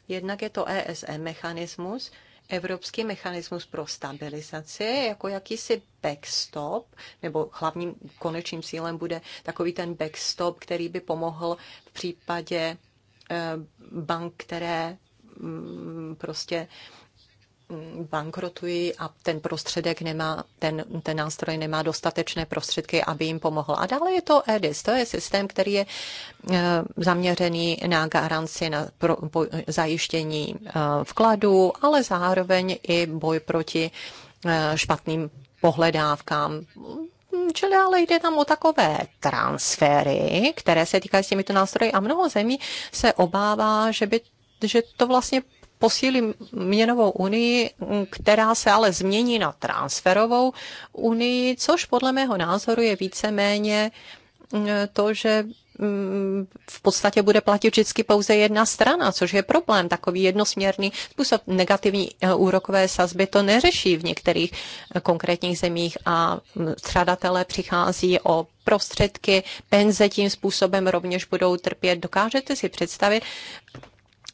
Jednak je to ESM mechanismus, evropský mechanismus pro stabilizaci jako jakýsi backstop, nebo hlavním konečným cílem bude takový ten backstop, který by pomohl v případě eh, bank, které mm, prostě bankrotují a ten prostředek nemá, ten, ten nástroj nemá dostatečné prostředky, aby jim pomohl. A dále je to EDIS, to je systém, který je eh, zaměřený na garanci, na pro, boj, zajištění eh, vkladu, ale zároveň i boj proti eh, špatným pohledávkám. Čili ale jde tam o takové transfery, které se týkají s těmito nástroji a mnoho zemí se obává, že by že to vlastně posílí měnovou unii, která se ale změní na transferovou unii, což podle mého názoru je víceméně mm, to, že mm, v podstatě bude platit vždycky pouze jedna strana, což je problém. Takový jednosměrný způsob negativní eh, úrokové sazby to neřeší v některých eh, konkrétních zemích a mm, střadatelé přichází o prostředky, penze tím způsobem rovněž budou trpět. Dokážete si představit,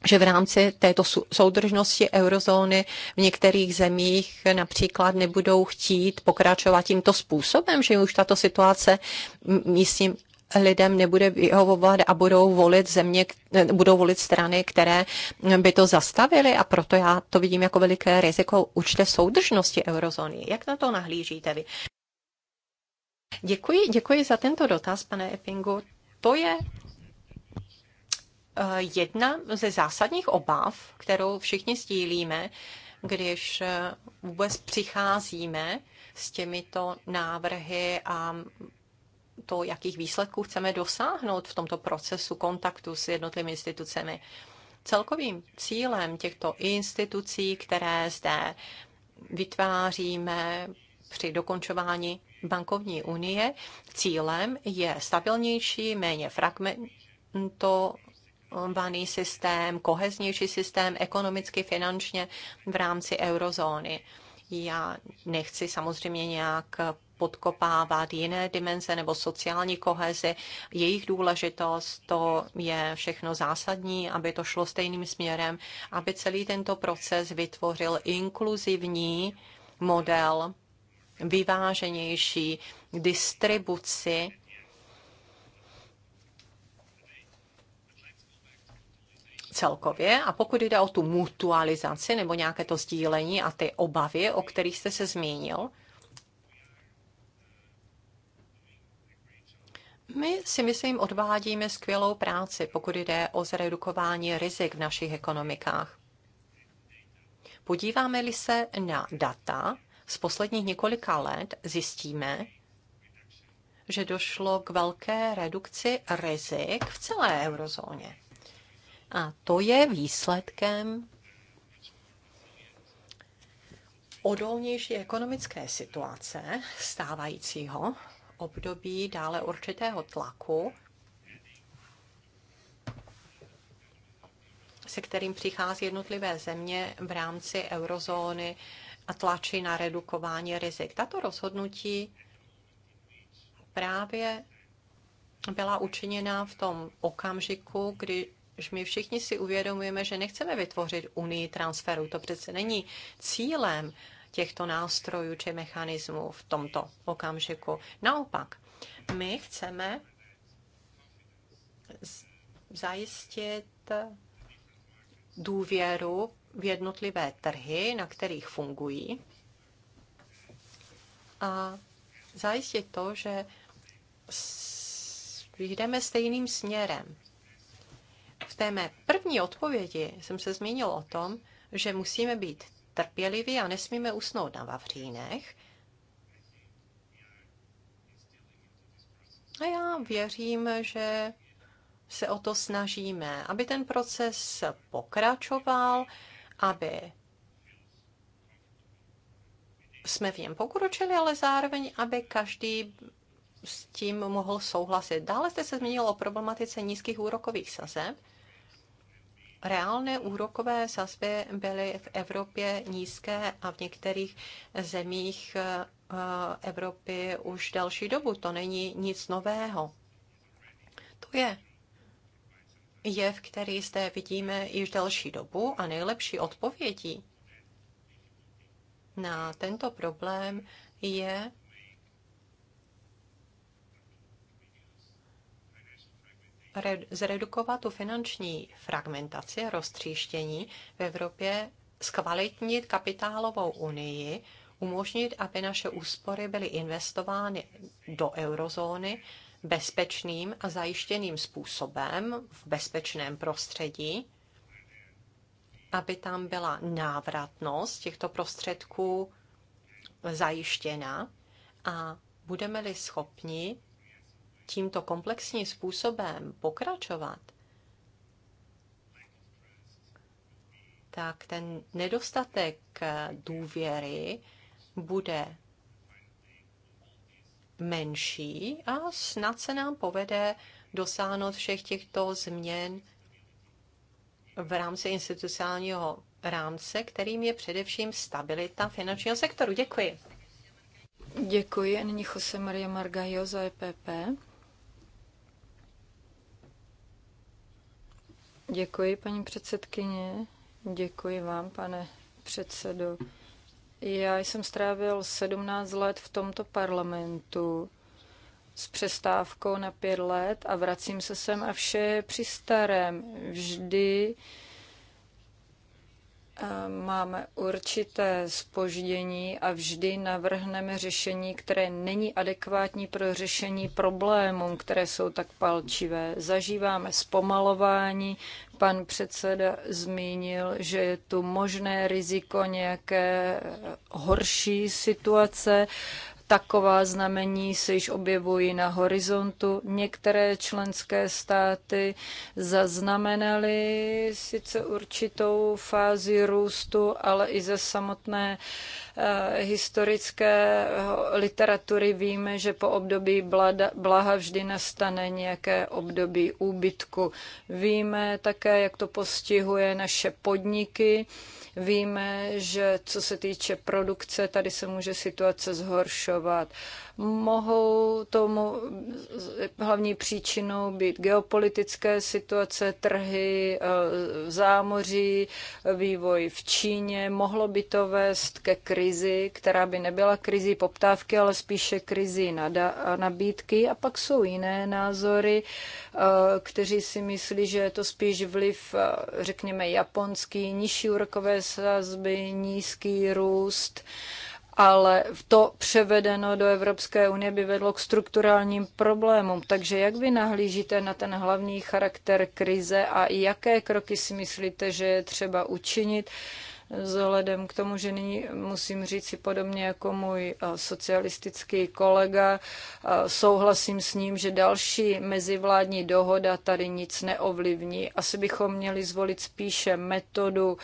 že v rámci této soudržnosti eurozóny v některých zemích například nebudou chtít pokračovat tímto způsobem, že už tato situace místním lidem nebude vyhovovat a budou volit země, budou volit strany, které by to zastavily a proto já to vidím jako veliké riziko určité soudržnosti eurozóny. Jak na to nahlížíte vy? Děkuji, děkuji za tento dotaz, pane Eppingu. To je Eh, jedna ze zásadních obav, kterou všichni sdílíme, když eh, vůbec přicházíme s těmito návrhy a to, jakých výsledků chceme dosáhnout v tomto procesu kontaktu s jednotlivými institucemi. Celkovým cílem těchto institucí, které zde vytváříme při dokončování bankovní unie, cílem je stabilnější, méně fragmentovaný to integrovaný systém, koheznější systém ekonomicky, finančně v rámci eurozóny. Já nechci samozřejmě nějak podkopávat jiné dimenze nebo sociální kohezi, jejich důležitost, to je všechno zásadní, aby to šlo stejným směrem, aby celý tento proces vytvořil inkluzivní model, vyváženější distribuci celkově. A pokud jde o tu mutualizaci nebo nějaké to sdílení a ty obavy, o kterých jste se zmínil, My si myslím odvádíme skvělou práci, pokud jde o zredukování rizik v našich ekonomikách. Podíváme-li se na data z posledních několika let, zjistíme, že došlo k velké redukci rizik v celé eurozóně. A to je výsledkem odolnější ekonomické situace stávajícího období dále určitého tlaku, se kterým přichází jednotlivé země v rámci eurozóny a tlačí na redukování rizik. Tato rozhodnutí právě byla učiněna v tom okamžiku, kdy my všichni si uvědomujeme, že nechceme vytvořit unii transferu. To přece není cílem těchto nástrojů či mechanismů v tomto okamžiku. Naopak, my chceme zajistit důvěru v jednotlivé trhy, na kterých fungují, a zajistit to, že jdeme stejným směrem. V té mé první odpovědi jsem se zmínil o tom, že musíme být trpěliví a nesmíme usnout na vavřínech. A já věřím, že se o to snažíme, aby ten proces pokračoval, aby jsme v něm pokročili, ale zároveň, aby každý s tím mohl souhlasit. Dále jste se zmínil o problematice nízkých úrokových sazeb reálné úrokové sazby byly v Evropě nízké a v některých zemích eh, Evropy už další dobu. To není nic nového. To je jev, který zde vidíme již další dobu a nejlepší odpovědí na tento problém je zredukovat tu finanční fragmentaci, roztříštění v Evropě, zkvalitnit kapitálovou unii, umožnit, aby naše úspory byly investovány do eurozóny bezpečným a zajištěným způsobem v bezpečném prostředí, aby tam byla návratnost těchto prostředků zajištěna a budeme-li schopni tímto komplexním způsobem pokračovat, tak ten nedostatek důvěry bude menší a snad se nám povede dosáhnout všech těchto změn v rámci institucionálního rámce, kterým je především stabilita finančního sektoru. Děkuji. Děkuji. Nyní Jose Maria Margajo za EPP. Děkuji, paní předsedkyně. Děkuji vám, pane předsedo. Já jsem strávil 17 let v tomto parlamentu s přestávkou na pět let a vracím se sem a vše je při starém. Vždy Eh, máme určité spoždění a vždy navrhneme řešení, které není adekvátní pro řešení problémů, které jsou tak palčivé. Zažíváme zpomalování. Pan předseda zmínil, že je tu možné riziko nějaké horší situace Taková znamení se již objevují na horizontu. Některé členské státy zaznamenaly sice určitou fázi růstu, ale i ze samotné uh, Eh, historické eh, literatury víme, že po období blaha vždy nastane nějaké období úbytku. Víme také, jak to postihuje naše podniky. Víme, že co se týče produkce, tady se může situace zhoršovat. Mohou tomu eh, hlavní příčinou být geopolitické situace, trhy v zámoří, vývoj v Číně. Mohlo by to vést ke krizi krizi, která by nebyla krizi poptávky, ale spíše krizi nabídky. A pak jsou jiné názory, eh, kteří si myslí, že je to spíš vliv, eh, řekněme, japonský, nižší úrokové sazby, nízký růst ale to převedeno do Evropské unie by vedlo k strukturálním problémům. Takže jak vy nahlížíte na ten hlavní charakter krize a jaké kroky si myslíte, že je třeba učinit, Vzhledem k tomu, že nyní musím říct si podobně jako můj socialistický kolega, souhlasím s ním, že další mezivládní dohoda tady nic neovlivní. Asi bychom měli zvolit spíše metodu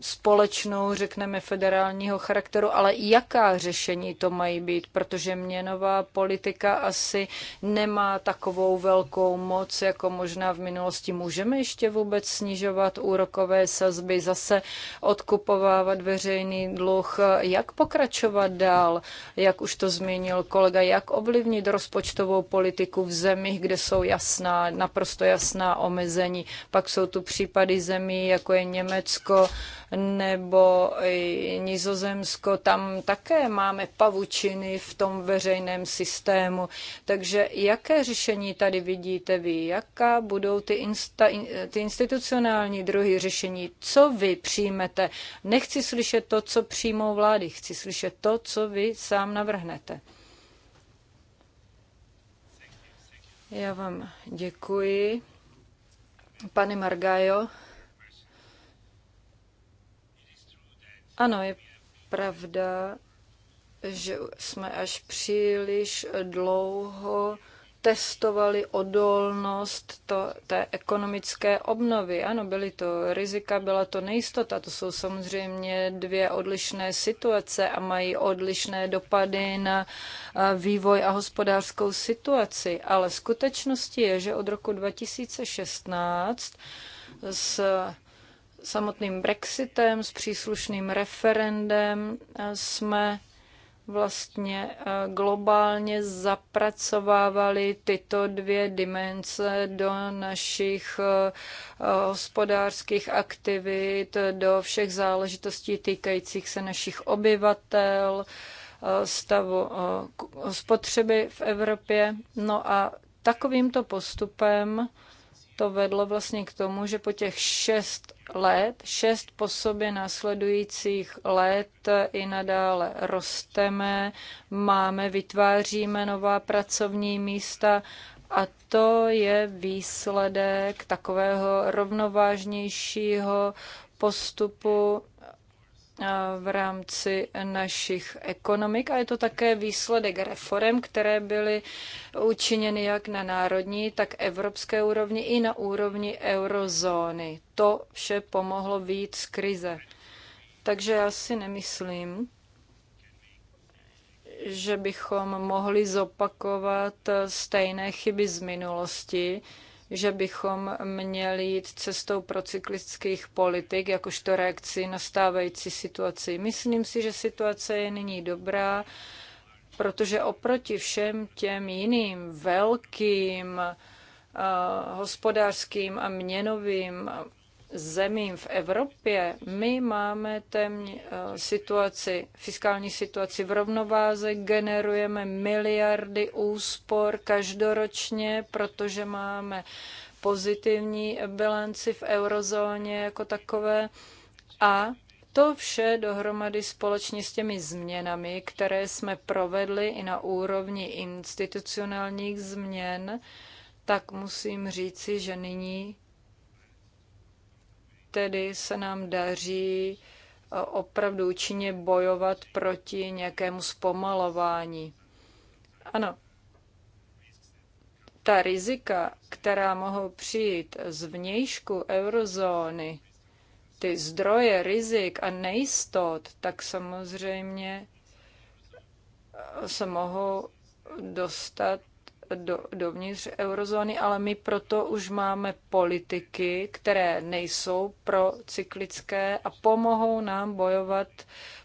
společnou, řekneme, federálního charakteru, ale jaká řešení to mají být, protože měnová politika asi nemá takovou velkou moc, jako možná v minulosti můžeme ještě vůbec snižovat úrokové sazby zase komise odkupovávat veřejný dluh, jak pokračovat dál, jak už to zmínil kolega, jak ovlivnit rozpočtovou politiku v zemích, kde jsou jasná, naprosto jasná omezení. Pak jsou tu případy zemí, jako je Německo, nebo i Nizozemsko, tam také máme pavučiny v tom veřejném systému. Takže jaké řešení tady vidíte vy? Jaká budou ty, insta, ty institucionální druhy řešení? Co vy přijmete? Nechci slyšet to, co přijmou vlády, chci slyšet to, co vy sám navrhnete. Já vám děkuji. Pane Margajo, Ano, je pravda, že jsme až příliš dlouho testovali odolnost to, té ekonomické obnovy. Ano, byly to rizika, byla to nejistota. To jsou samozřejmě dvě odlišné situace a mají odlišné dopady na vývoj a hospodářskou situaci. Ale skutečností je, že od roku 2016 s samotným Brexitem, s příslušným referendem jsme vlastně globálně zapracovávali tyto dvě dimenze do našich hospodářských aktivit, do všech záležitostí týkajících se našich obyvatel, stavu spotřeby v Evropě. No a takovýmto postupem to vedlo vlastně k tomu, že po těch šest let, šest po sobě následujících let i nadále rosteme, máme, vytváříme nová pracovní místa a to je výsledek takového rovnovážnějšího postupu v rámci našich ekonomik a je to také výsledek reform, které byly učiněny jak na národní, tak evropské úrovni i na úrovni eurozóny. To vše pomohlo víc z krize. Takže já si nemyslím, že bychom mohli zopakovat stejné chyby z minulosti, že bychom měli jít cestou procyklických politik, jakožto reakci na stávající situaci. Myslím si, že situace je nyní dobrá, protože oproti všem těm jiným velkým eh, hospodářským a měnovým zemím v Evropě, my máme téměř eh, situaci, fiskální situaci v rovnováze, generujeme miliardy úspor každoročně, protože máme pozitivní bilanci v eurozóně jako takové a to vše dohromady společně s těmi změnami, které jsme provedli i na úrovni institucionálních změn, tak musím říci, že nyní tedy se nám daří eh, opravdu účinně bojovat proti nějakému zpomalování. Ano, ta rizika, která mohou přijít z vnějšku eurozóny, ty zdroje rizik a nejistot, tak samozřejmě eh, se mohou dostat do, dovnitř eurozóny, ale my proto už máme politiky, které nejsou procyklické a pomohou nám bojovat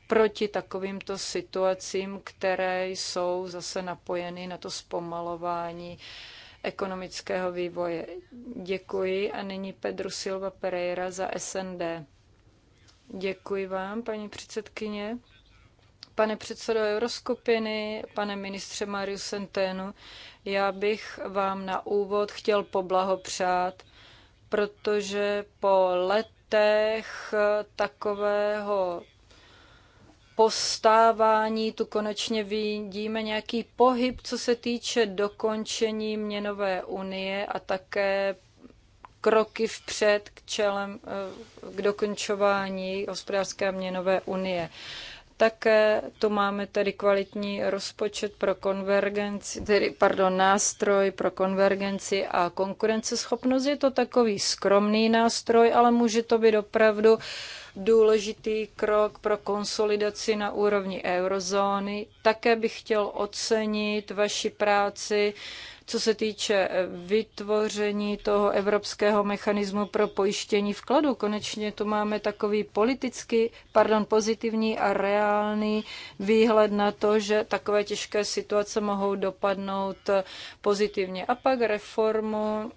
proti takovýmto situacím, které jsou zase napojeny na to zpomalování ekonomického vývoje. Děkuji a nyní Pedro Silva Pereira za SND. Děkuji vám, paní předsedkyně. Pane předsedo Euroskupiny, pane ministře Mariu Centénu, já bych vám na úvod chtěl poblahopřát, protože po letech takového postávání tu konečně vidíme nějaký pohyb, co se týče dokončení měnové unie a také kroky vpřed k, čelem, eh, k dokončování hospodářské a měnové unie. Také tu máme tedy kvalitní rozpočet pro konvergenci, tedy, pardon, nástroj pro konvergenci a konkurenceschopnost. Je to takový skromný nástroj, ale může to být opravdu důležitý krok pro konsolidaci na úrovni eurozóny. Také bych chtěl ocenit vaši práci co se týče eh, vytvoření toho evropského mechanismu pro pojištění vkladu. Konečně tu máme takový politicky, pardon, pozitivní a reálný výhled na to, že takové těžké situace mohou dopadnout eh, pozitivně. A pak reformu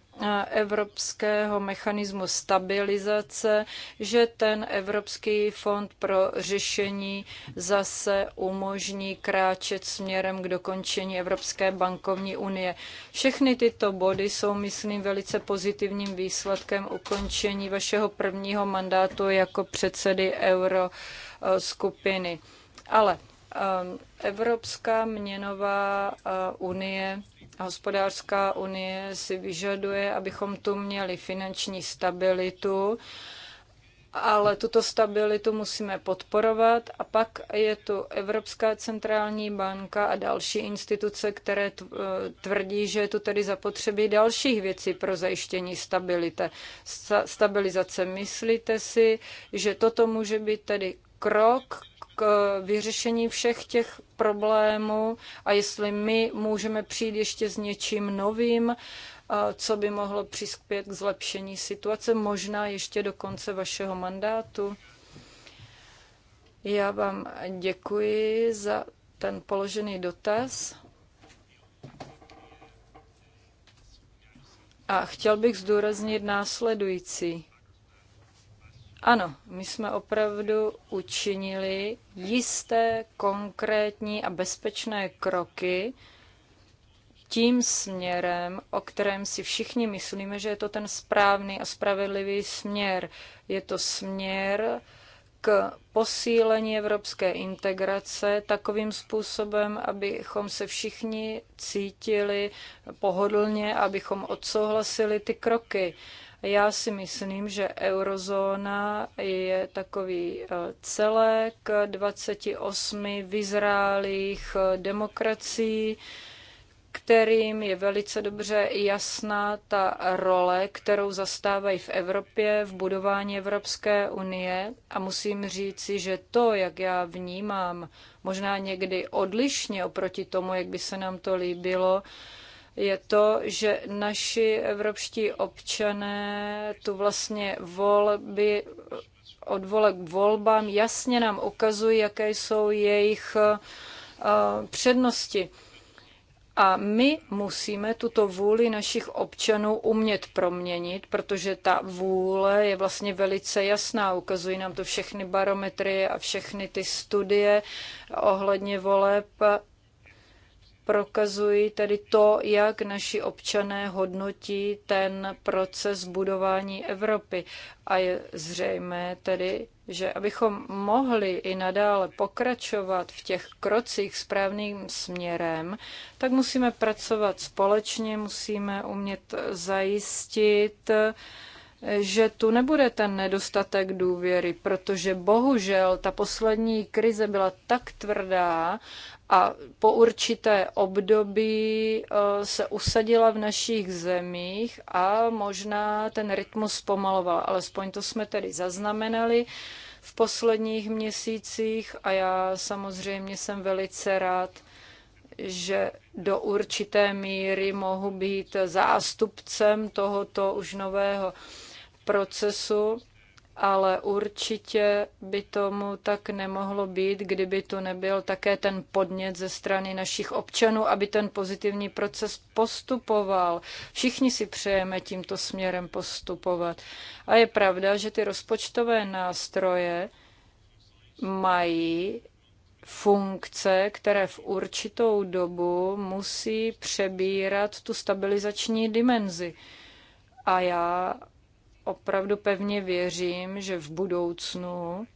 evropského mechanismu stabilizace, že ten Evropský fond pro řešení zase umožní kráčet směrem k dokončení Evropské bankovní unie. Všechny tyto body jsou, myslím, velice pozitivním výsledkem ukončení vašeho prvního mandátu jako předsedy euroskupiny. Ale ehm, Evropská měnová eh, unie hospodářská unie si vyžaduje, abychom tu měli finanční stabilitu, ale tuto stabilitu musíme podporovat a pak je tu Evropská centrální banka a další instituce, které tvrdí, že je tu tedy zapotřebí dalších věcí pro zajištění stability. Stabilizace. Myslíte si, že toto může být tedy krok k vyřešení všech těch problémů a jestli my můžeme přijít ještě s něčím novým, eh, co by mohlo přispět k zlepšení situace, možná ještě do konce vašeho mandátu. Já vám děkuji za ten položený dotaz. A chtěl bych zdůraznit následující. Ano, my jsme opravdu učinili jisté, konkrétní a bezpečné kroky tím směrem, o kterém si všichni myslíme, že je to ten správný a spravedlivý směr. Je to směr k posílení evropské integrace takovým způsobem, abychom se všichni cítili pohodlně, abychom odsouhlasili ty kroky. Já si myslím, že eurozóna je takový eh, celek 28 vyzrálých eh, demokracií, kterým je velice dobře jasná ta role, kterou zastávají v Evropě v budování Evropské unie. A musím říci, že to, jak já vnímám, možná někdy odlišně oproti tomu, jak by se nám to líbilo, je to, že naši evropští občané tu vlastně volby od vole k volbám jasně nám ukazují, jaké jsou jejich eh, přednosti. A my musíme tuto vůli našich občanů umět proměnit, protože ta vůle je vlastně velice jasná. Ukazují nám to všechny barometry a všechny ty studie ohledně voleb prokazují tedy to, jak naši občané hodnotí ten proces budování Evropy. A je zřejmé tedy, že abychom mohli i nadále pokračovat v těch krocích správným směrem, tak musíme pracovat společně, musíme umět zajistit uh, že tu nebude ten nedostatek důvěry, protože bohužel ta poslední krize byla tak tvrdá a po určité období eh, se usadila v našich zemích a možná ten rytmus zpomaloval. Alespoň to jsme tedy zaznamenali v posledních měsících a já samozřejmě jsem velice rád, že do určité míry mohu být zástupcem tohoto už nového procesu, ale určitě by tomu tak nemohlo být, kdyby tu nebyl také ten podnět ze strany našich občanů, aby ten pozitivní proces postupoval. Všichni si přejeme tímto směrem postupovat. A je pravda, že ty rozpočtové nástroje mají funkce, které v určitou dobu musí přebírat tu stabilizační dimenzi. A já opravdu pevně věřím, že v budoucnu,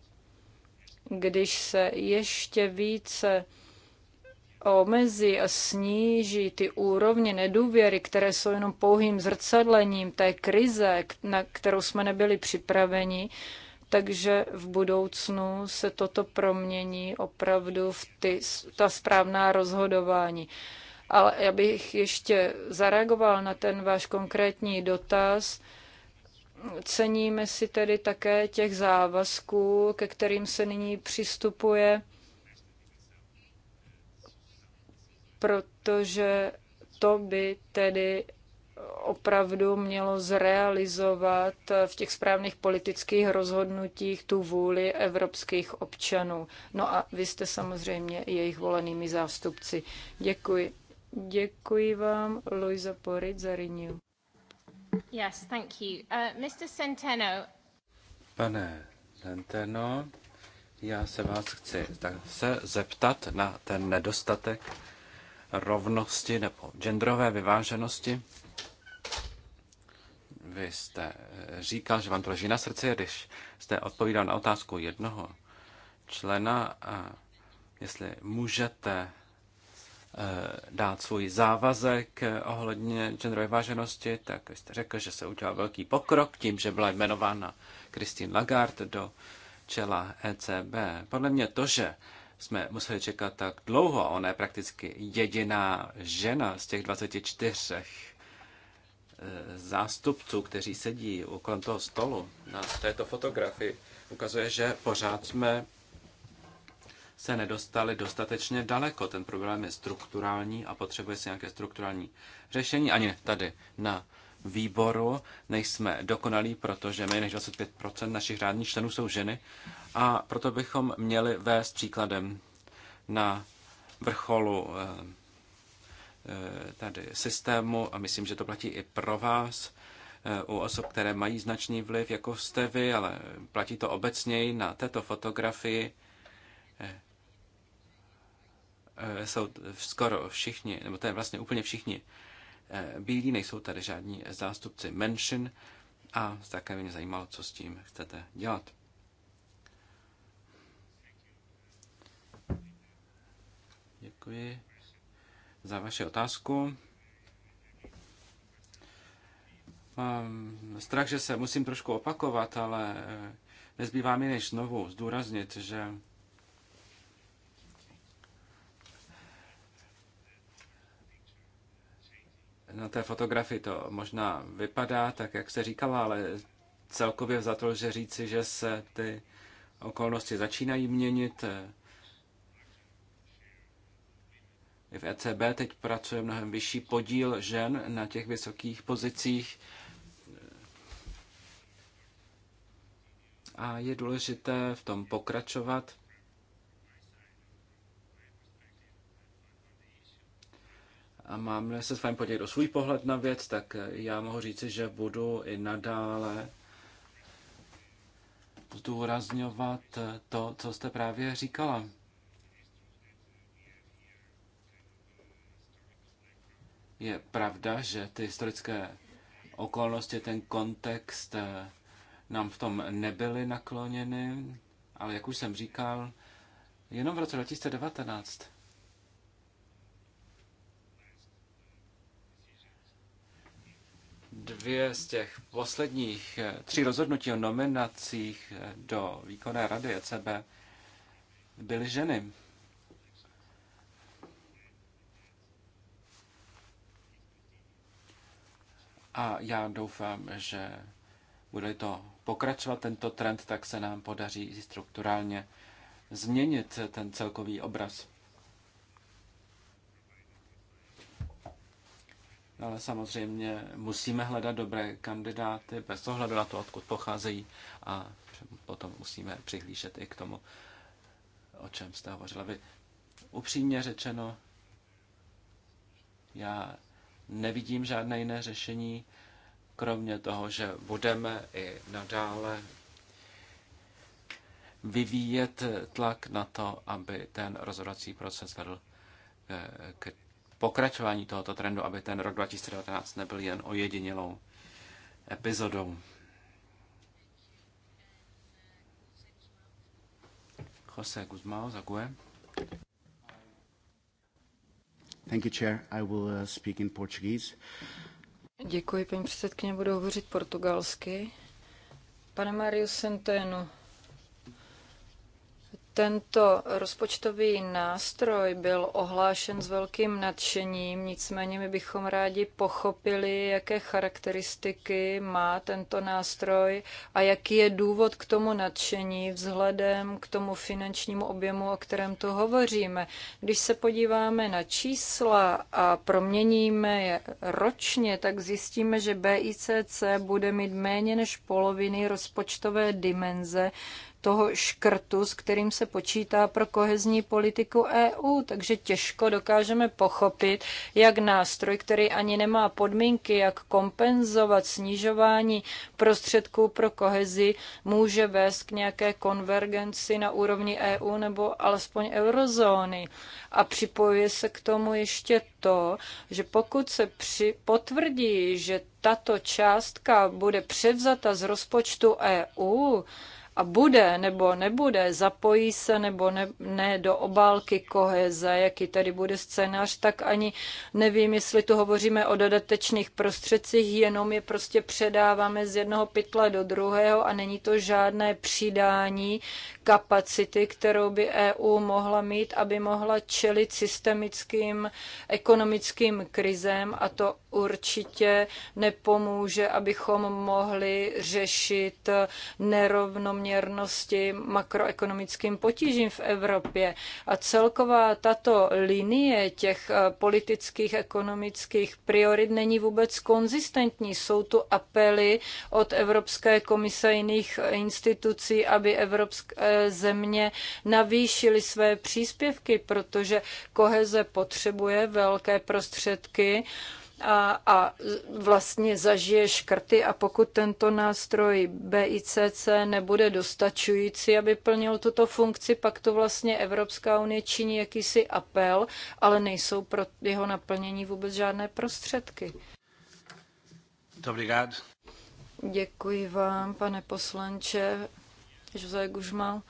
když se ještě více omezí a sníží ty úrovně nedůvěry, které jsou jenom pouhým zrcadlením té krize, na kterou jsme nebyli připraveni, takže v budoucnu se toto promění opravdu v ty, ta správná rozhodování. Ale já bych ještě zareagoval na ten váš konkrétní dotaz Ceníme si tedy také těch závazků, ke kterým se nyní přistupuje, protože to by tedy opravdu mělo zrealizovat v těch správných politických rozhodnutích tu vůli evropských občanů. No a vy jste samozřejmě jejich volenými zástupci. Děkuji. Děkuji vám, Luisa Porit, za Renew. Yes, thank you. Uh, Mr. Centeno. Pane Centeno, já se vás chci tak se zeptat na ten nedostatek rovnosti nebo genderové vyváženosti. Vy jste eh, říkal, že vám to leží na srdci, když jste odpovídal na otázku jednoho člena, a jestli můžete Eh, dát svůj závazek eh, ohledně genderové váženosti, tak jste řekl, že se udělal velký pokrok tím, že byla jmenována Christine Lagarde do čela ECB. Podle mě to, že jsme museli čekat tak dlouho, ona je prakticky jediná žena z těch 24 eh, zástupců, kteří sedí kolem toho stolu na této fotografii, ukazuje, že pořád jsme se nedostali dostatečně daleko. Ten problém je strukturální a potřebuje se nějaké strukturální řešení. Ani tady na výboru nejsme dokonalí, protože méně než 25 našich řádních členů jsou ženy a proto bychom měli vést příkladem na vrcholu eh, eh, tady systému a myslím, že to platí i pro vás, eh, u osob, které mají značný vliv, jako jste vy, ale platí to obecněji na této fotografii. Eh, jsou skoro všichni, nebo to je vlastně úplně všichni eh, bílí, nejsou tady žádní zástupci menšin a také mě zajímalo, co s tím chcete dělat. Děkuji za vaši otázku. Mám strach, že se musím trošku opakovat, ale eh, nezbývá mi než znovu zdůraznit, že na té fotografii to možná vypadá, tak jak se říkala, ale celkově za to, že říci, že se ty okolnosti začínají měnit. I v ECB teď pracuje mnohem vyšší podíl žen na těch vysokých pozicích. A je důležité v tom pokračovat. a mám se s vámi podělit o svůj pohled na věc, tak já mohu říci, že budu i nadále zdůrazňovat to, co jste právě říkala. Je pravda, že ty historické okolnosti, ten kontext nám v tom nebyly nakloněny, ale jak už jsem říkal, jenom v roce 2019 dvě z těch posledních eh, tří rozhodnutí o nominacích eh, do výkonné rady ECB byly ženy. A já doufám, že bude to pokračovat tento trend, tak se nám podaří strukturálně změnit ten celkový obraz. ale samozřejmě musíme hledat dobré kandidáty bez ohledu na to, odkud pocházejí a potom musíme přihlížet i k tomu, o čem jste hovořila vy. Upřímně řečeno, já nevidím žádné jiné řešení, kromě toho, že budeme i nadále vyvíjet tlak na to, aby ten rozhodovací proces vedl eh, k pokračování tohoto trendu, aby ten rok 2019 nebyl jen ojedinělou epizodou. Jose Guzmao Zague. Thank you, Chair. I will uh, speak in Portuguese. Děkuji, paní předsedkyně, budu hovořit portugalsky. Pane Mario Centeno, tento rozpočtový nástroj byl ohlášen s velkým nadšením, nicméně my bychom rádi pochopili, jaké charakteristiky má tento nástroj a jaký je důvod k tomu nadšení vzhledem k tomu finančnímu objemu, o kterém tu hovoříme. Když se podíváme na čísla a proměníme je ročně, tak zjistíme, že BICC bude mít méně než poloviny rozpočtové dimenze toho škrtu, s kterým se počítá pro kohezní politiku EU, takže těžko dokážeme pochopit, jak nástroj, který ani nemá podmínky, jak kompenzovat snižování prostředků pro kohezi, může vést k nějaké konvergenci na úrovni EU nebo alespoň eurozóny. A připojuje se k tomu ještě to, že pokud se při, potvrdí, že tato částka bude převzata z rozpočtu EU, a bude nebo nebude, zapojí se nebo ne, ne do obálky koheze, jaký tady bude scénář, tak ani nevím, jestli tu hovoříme o dodatečných prostředcích, jenom je prostě předáváme z jednoho pytla do druhého a není to žádné přidání kapacity, kterou by EU mohla mít, aby mohla čelit systemickým ekonomickým krizem a to určitě nepomůže, abychom mohli řešit nerovnoměrnosti makroekonomickým potížím v Evropě. A celková tato linie těch eh, politických, ekonomických priorit není vůbec konzistentní. Jsou tu apely od Evropské komise a jiných institucí, aby evropské eh, země navýšily své příspěvky, protože koheze potřebuje velké prostředky a, a vlastně zažije škrty a pokud tento nástroj BICC nebude dostačující, aby plnil tuto funkci, pak to vlastně Evropská unie činí jakýsi apel, ale nejsou pro jeho naplnění vůbec žádné prostředky. Obrigado. Děkuji vám, pane poslanče José Gužmal.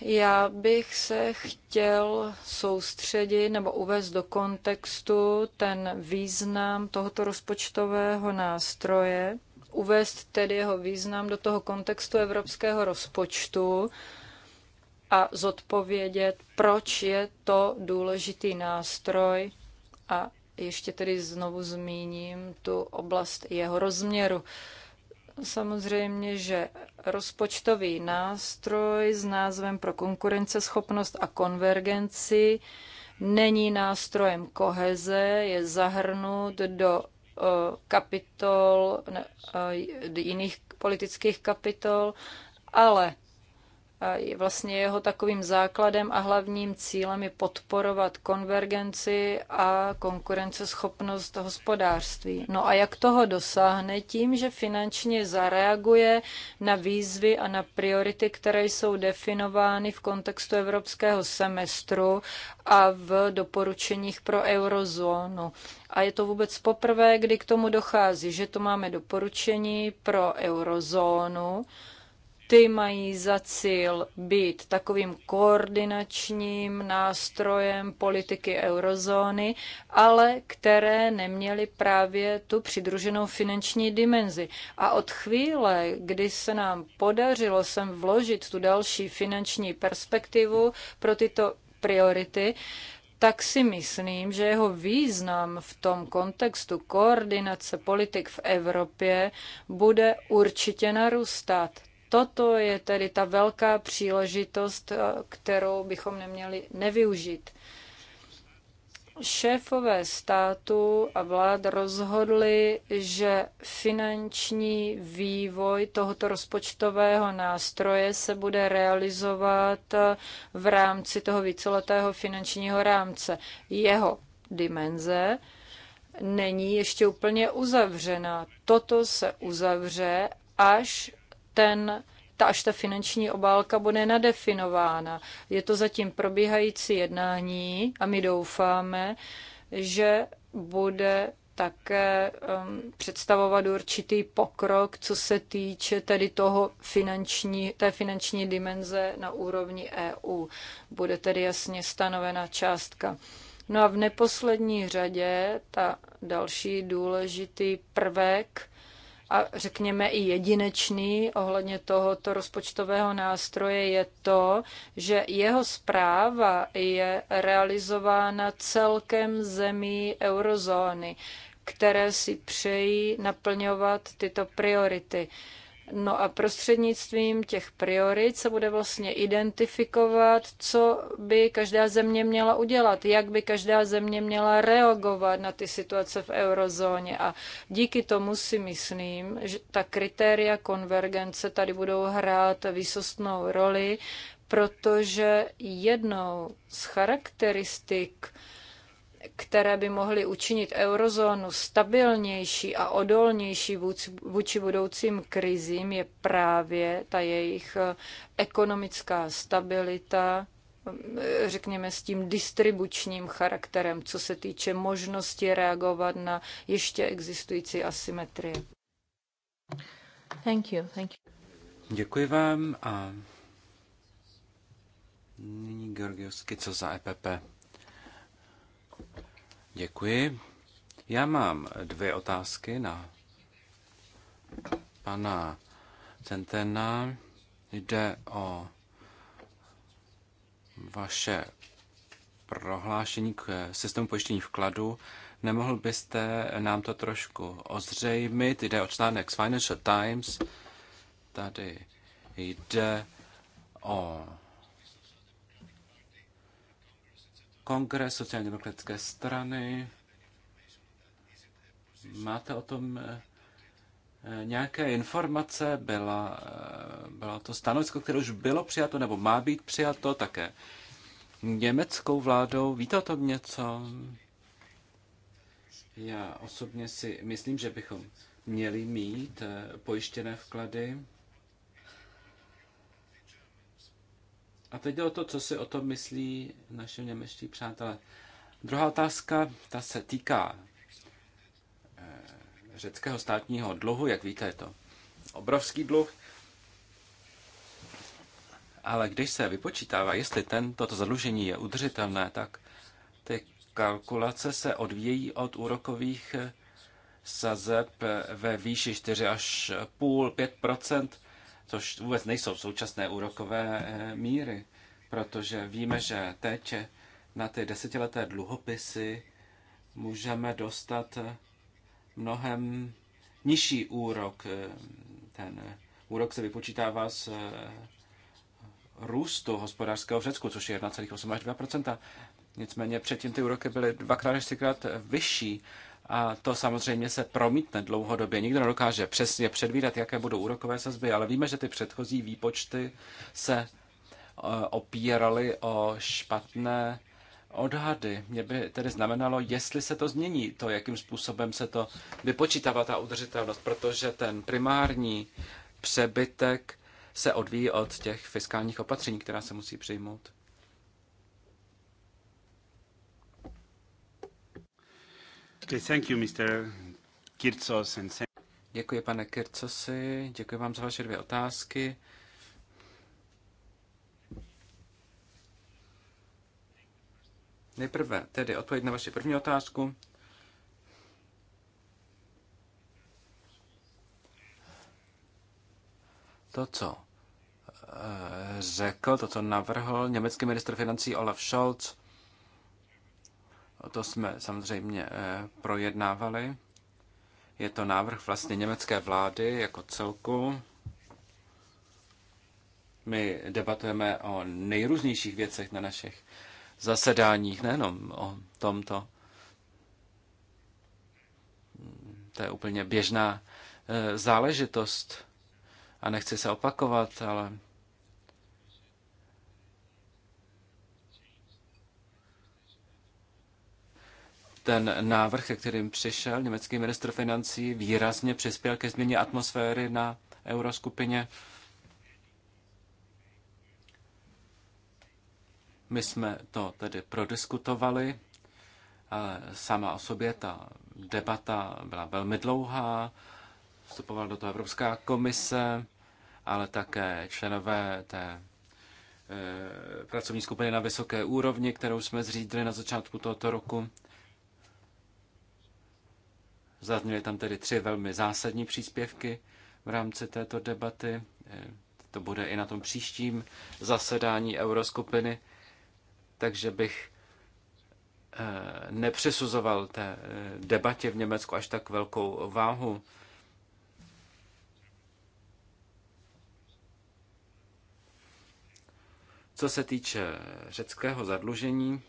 Já bych se chtěl soustředit nebo uvést do kontextu ten význam tohoto rozpočtového nástroje, uvést tedy jeho význam do toho kontextu evropského rozpočtu a zodpovědět, proč je to důležitý nástroj a ještě tedy znovu zmíním tu oblast jeho rozměru. Samozřejmě, že rozpočtový nástroj s názvem pro konkurenceschopnost a konvergenci není nástrojem koheze, je zahrnut do eh, kapitol, eh, jiných politických kapitol, ale Vlastně jeho takovým základem a hlavním cílem je podporovat konvergenci a konkurenceschopnost hospodářství. No a jak toho dosáhne? Tím, že finančně zareaguje na výzvy a na priority, které jsou definovány v kontextu evropského semestru a v doporučeních pro eurozónu. A je to vůbec poprvé, kdy k tomu dochází, že to máme doporučení pro eurozónu, ty mají za cíl být takovým koordinačním nástrojem politiky eurozóny, ale které neměly právě tu přidruženou finanční dimenzi. A od chvíle, kdy se nám podařilo sem vložit tu další finanční perspektivu pro tyto priority, tak si myslím, že jeho význam v tom kontextu koordinace politik v Evropě bude určitě narůstat. Toto je tedy ta velká příležitost, eh, kterou bychom neměli nevyužít. Šéfové státu a vlád rozhodli, že finanční vývoj tohoto rozpočtového nástroje se bude realizovat eh, v rámci toho víceletého finančního rámce. Jeho dimenze není ještě úplně uzavřena. Toto se uzavře až ten ta až ta finanční obálka bude nadefinována. Je to zatím probíhající jednání a my doufáme, že bude také um, představovat určitý pokrok, co se týče tedy toho finanční, té finanční dimenze na úrovni EU. Bude tedy jasně stanovena částka. No a v neposlední řadě ta další důležitý prvek a řekněme i jedinečný ohledně tohoto rozpočtového nástroje je to, že jeho zpráva je realizována celkem zemí eurozóny, které si přejí naplňovat tyto priority. No a prostřednictvím těch priorit se bude vlastně identifikovat, co by každá země měla udělat, jak by každá země měla reagovat na ty situace v eurozóně. A díky tomu si myslím, že ta kritéria konvergence tady budou hrát výsostnou roli, protože jednou z charakteristik které by mohly učinit eurozónu stabilnější a odolnější vůči budoucím krizím, je právě ta jejich eh, ekonomická stabilita, eh, řekněme, s tím distribučním charakterem, co se týče možnosti reagovat na ještě existující asymetrie. Thank you, thank you. Děkuji vám a nyní Georgios Kico za EPP. Děkuji. Já mám dvě otázky na pana Centena. Jde o vaše prohlášení k systému pojištění vkladu. Nemohl byste nám to trošku ozřejmit? Jde o článek z Financial Times. Tady jde o kongres sociálně demokratické strany. Máte o tom eh, nějaké informace? Byla, eh, bylo to stanovisko, které už bylo přijato nebo má být přijato také německou vládou? Víte o tom něco? Já osobně si myslím, že bychom měli mít eh, pojištěné vklady. A teď o to, co si o tom myslí naše němečtí přátelé. Druhá otázka, ta se týká eh, řeckého státního dluhu. Jak víte, je to obrovský dluh. Ale když se vypočítává, jestli ten, toto zadlužení je udržitelné, tak ty kalkulace se odvíjí od úrokových eh, sazeb eh, ve výši 4 až půl, 5 což vůbec nejsou současné úrokové eh, míry, protože víme, že teď na ty desetileté dluhopisy můžeme dostat eh, mnohem nižší úrok. Eh, ten úrok se vypočítává z růstu hospodářského v Řecku, což je 1,8 až 2 Nicméně předtím ty úroky byly dvakrát až třikrát vyšší a to samozřejmě se promítne dlouhodobě. Nikdo nedokáže přesně předvídat, jaké budou úrokové sazby, ale víme, že ty předchozí výpočty se eh, opíraly o špatné odhady. Mě by tedy znamenalo, jestli se to změní, to, jakým způsobem se to vypočítává ta udržitelnost, protože ten primární přebytek se odvíjí od těch fiskálních opatření, která se musí přijmout. Děkuji, pane Kircosi, děkuji vám za vaše dvě otázky. Nejprve tedy odpověď na vaši první otázku. To, co eh, řekl, to, co navrhl německý ministr financí Olaf Scholz, to jsme samozřejmě eh, projednávali. Je to návrh vlastně německé vlády jako celku. My debatujeme o nejrůznějších věcech na našich zasedáních, nejenom o tomto. To je úplně běžná eh, záležitost. A nechci se opakovat, ale Ten návrh, se kterým přišel německý ministr financí, výrazně přispěl ke změně atmosféry na euroskupině. My jsme to tedy prodiskutovali, ale sama o sobě ta debata byla velmi dlouhá, vstupovala do toho Evropská komise, ale také členové té eh, pracovní skupiny na vysoké úrovni, kterou jsme zřídili na začátku tohoto roku. Zazněly tam tedy tři velmi zásadní příspěvky v rámci této debaty. Eh, to bude i na tom příštím zasedání euroskupiny, takže bych eh, nepřisuzoval té eh, debatě v Německu až tak velkou váhu. Co se týče řeckého zadlužení,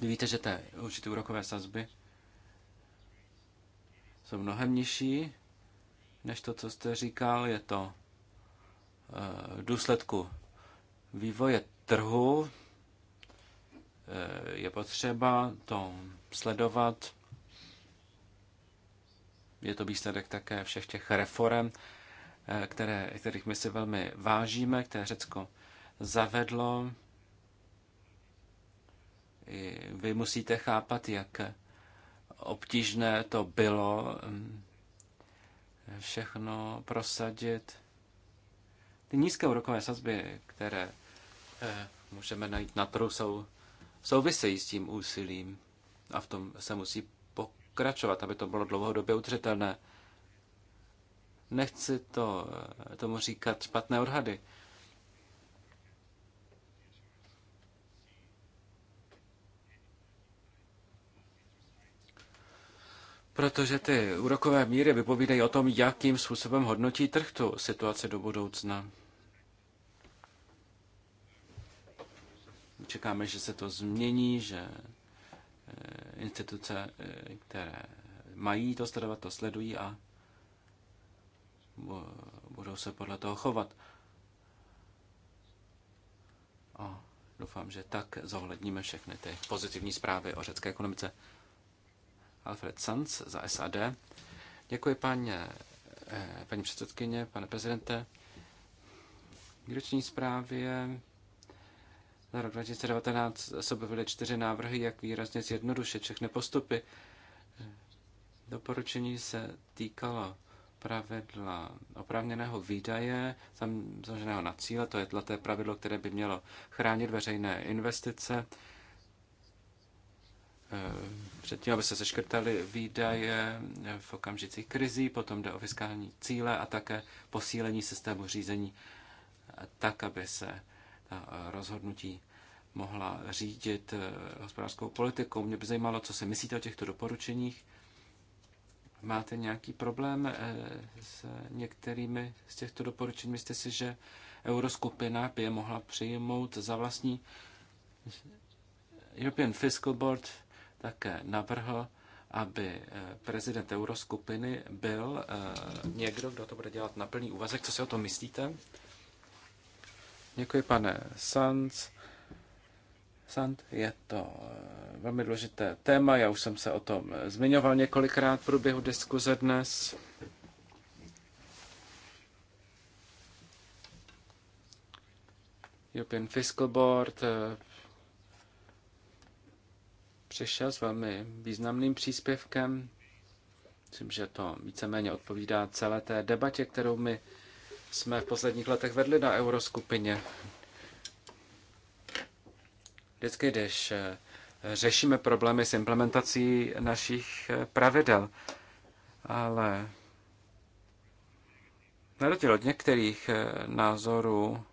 Vy víte, že ty určité úrokové sazby jsou mnohem nižší než to, co jste říkal. Je to eh, v důsledku vývoje trhu. Eh, je potřeba to sledovat. Je to výsledek také všech těch reform, eh, které, kterých my si velmi vážíme, které Řecko zavedlo vy musíte chápat, jak obtížné to bylo mm, všechno prosadit. Ty nízké úrokové sazby, které eh, můžeme najít na trhu, jsou, souvisejí s tím úsilím a v tom se musí pokračovat, aby to bylo dlouhodobě udržitelné. Nechci to, eh, tomu říkat špatné odhady. protože ty úrokové míry vypovídají o tom, jakým způsobem hodnotí trh tu situaci do budoucna. Čekáme, že se to změní, že eh, instituce, eh, které mají to sledovat, to sledují a budou se podle toho chovat. A doufám, že tak zohledníme všechny ty pozitivní zprávy o řecké ekonomice. Alfred Sanz za SAD. Děkuji, paní, eh, paní předsedkyně, pane prezidente. Výroční zprávě na rok 2019 se objevily čtyři návrhy, jak výrazně zjednodušit všechny postupy. Doporučení se týkalo pravidla oprávněného výdaje, založeného na cíle, to je tlaté pravidlo, které by mělo chránit veřejné investice Eh, předtím, aby se seškrtali výdaje eh, v okamžicích krizí, potom jde o fiskální cíle a také posílení systému řízení eh, tak, aby se ta rozhodnutí mohla řídit hospodářskou politikou. Mě by zajímalo, co si myslíte o těchto doporučeních. Máte nějaký problém s některými z těchto doporučení? Myslíte si, že euroskupina by je mohla přijmout za vlastní European Fiscal Board také navrhl, aby eh, prezident euroskupiny byl eh, někdo, kdo to bude dělat na plný úvazek. Co si o tom myslíte? Děkuji, pane Sanz. Sand, je to eh, velmi důležité téma. Já už jsem se o tom zmiňoval několikrát v průběhu diskuze dnes. European Fiscal Board přišel s velmi významným příspěvkem. Myslím, že to víceméně odpovídá celé té debatě, kterou my jsme v posledních letech vedli na euroskupině. Vždycky, když eh, řešíme problémy s implementací našich eh, pravidel, ale na rozdíl od některých eh, názorů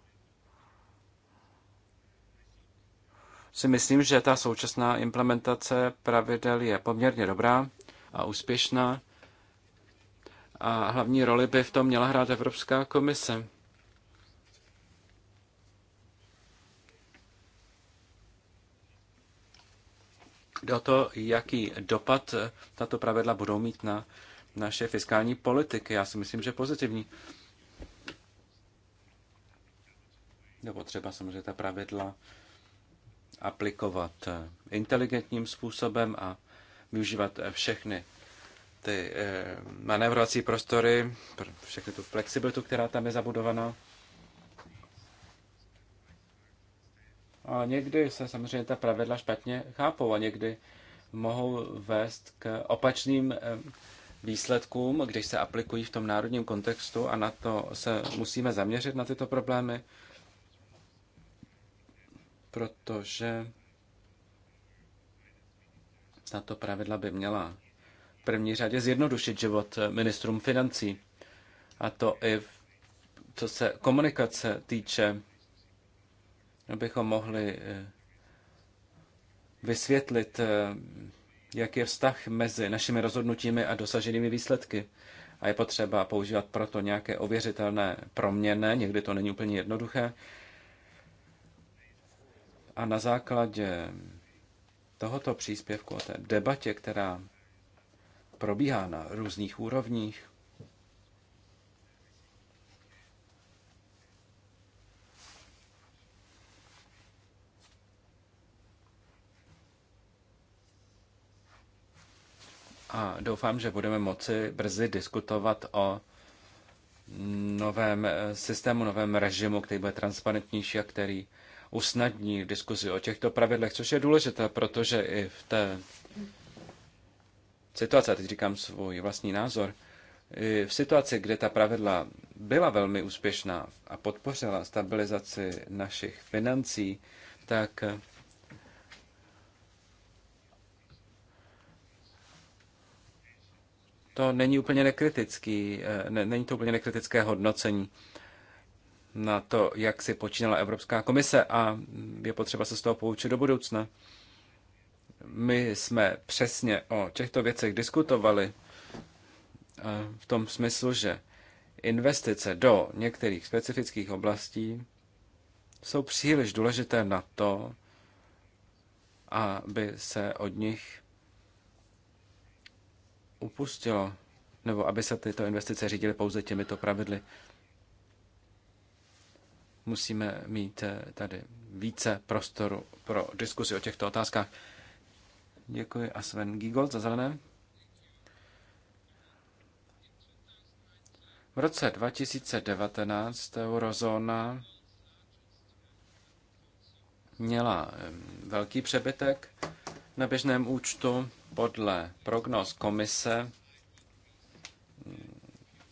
si myslím, že ta současná implementace pravidel je poměrně dobrá a úspěšná a hlavní roli by v tom měla hrát Evropská komise. do to, jaký dopad tato pravidla budou mít na naše fiskální politiky. Já si myslím, že pozitivní. Nebo třeba samozřejmě ta pravidla aplikovat inteligentním způsobem a využívat všechny ty eh, manévrovací prostory, všechny tu flexibilitu, která tam je zabudovaná. A někdy se samozřejmě ta pravidla špatně chápou a někdy mohou vést k opačným eh, výsledkům, když se aplikují v tom národním kontextu a na to se musíme zaměřit, na tyto problémy protože tato pravidla by měla v první řadě zjednodušit život ministrům financí. A to i v, co se komunikace týče, abychom mohli eh, vysvětlit, eh, jak je vztah mezi našimi rozhodnutími a dosaženými výsledky. A je potřeba používat proto nějaké ověřitelné proměny, někdy to není úplně jednoduché, a na základě tohoto příspěvku o té debatě, která probíhá na různých úrovních, a doufám, že budeme moci brzy diskutovat o novém eh, systému, novém režimu, který bude transparentnější a který usnadní diskuzi o těchto pravidlech, což je důležité, protože i v té situaci, teď říkám svůj vlastní názor, v situaci, kde ta pravidla byla velmi úspěšná a podpořila stabilizaci našich financí, tak to není úplně nekritický, ne, není to úplně nekritické hodnocení na to, jak si počínala Evropská komise a je potřeba se z toho poučit do budoucna. My jsme přesně o těchto věcech diskutovali eh, v tom smyslu, že investice do některých specifických oblastí jsou příliš důležité na to, aby se od nich upustilo, nebo aby se tyto investice řídily pouze těmito pravidly musíme mít eh, tady více prostoru pro diskusi o těchto otázkách. Děkuji a Sven Giegold za zelené. V roce 2019 eurozóna měla velký přebytek na běžném účtu podle prognóz komise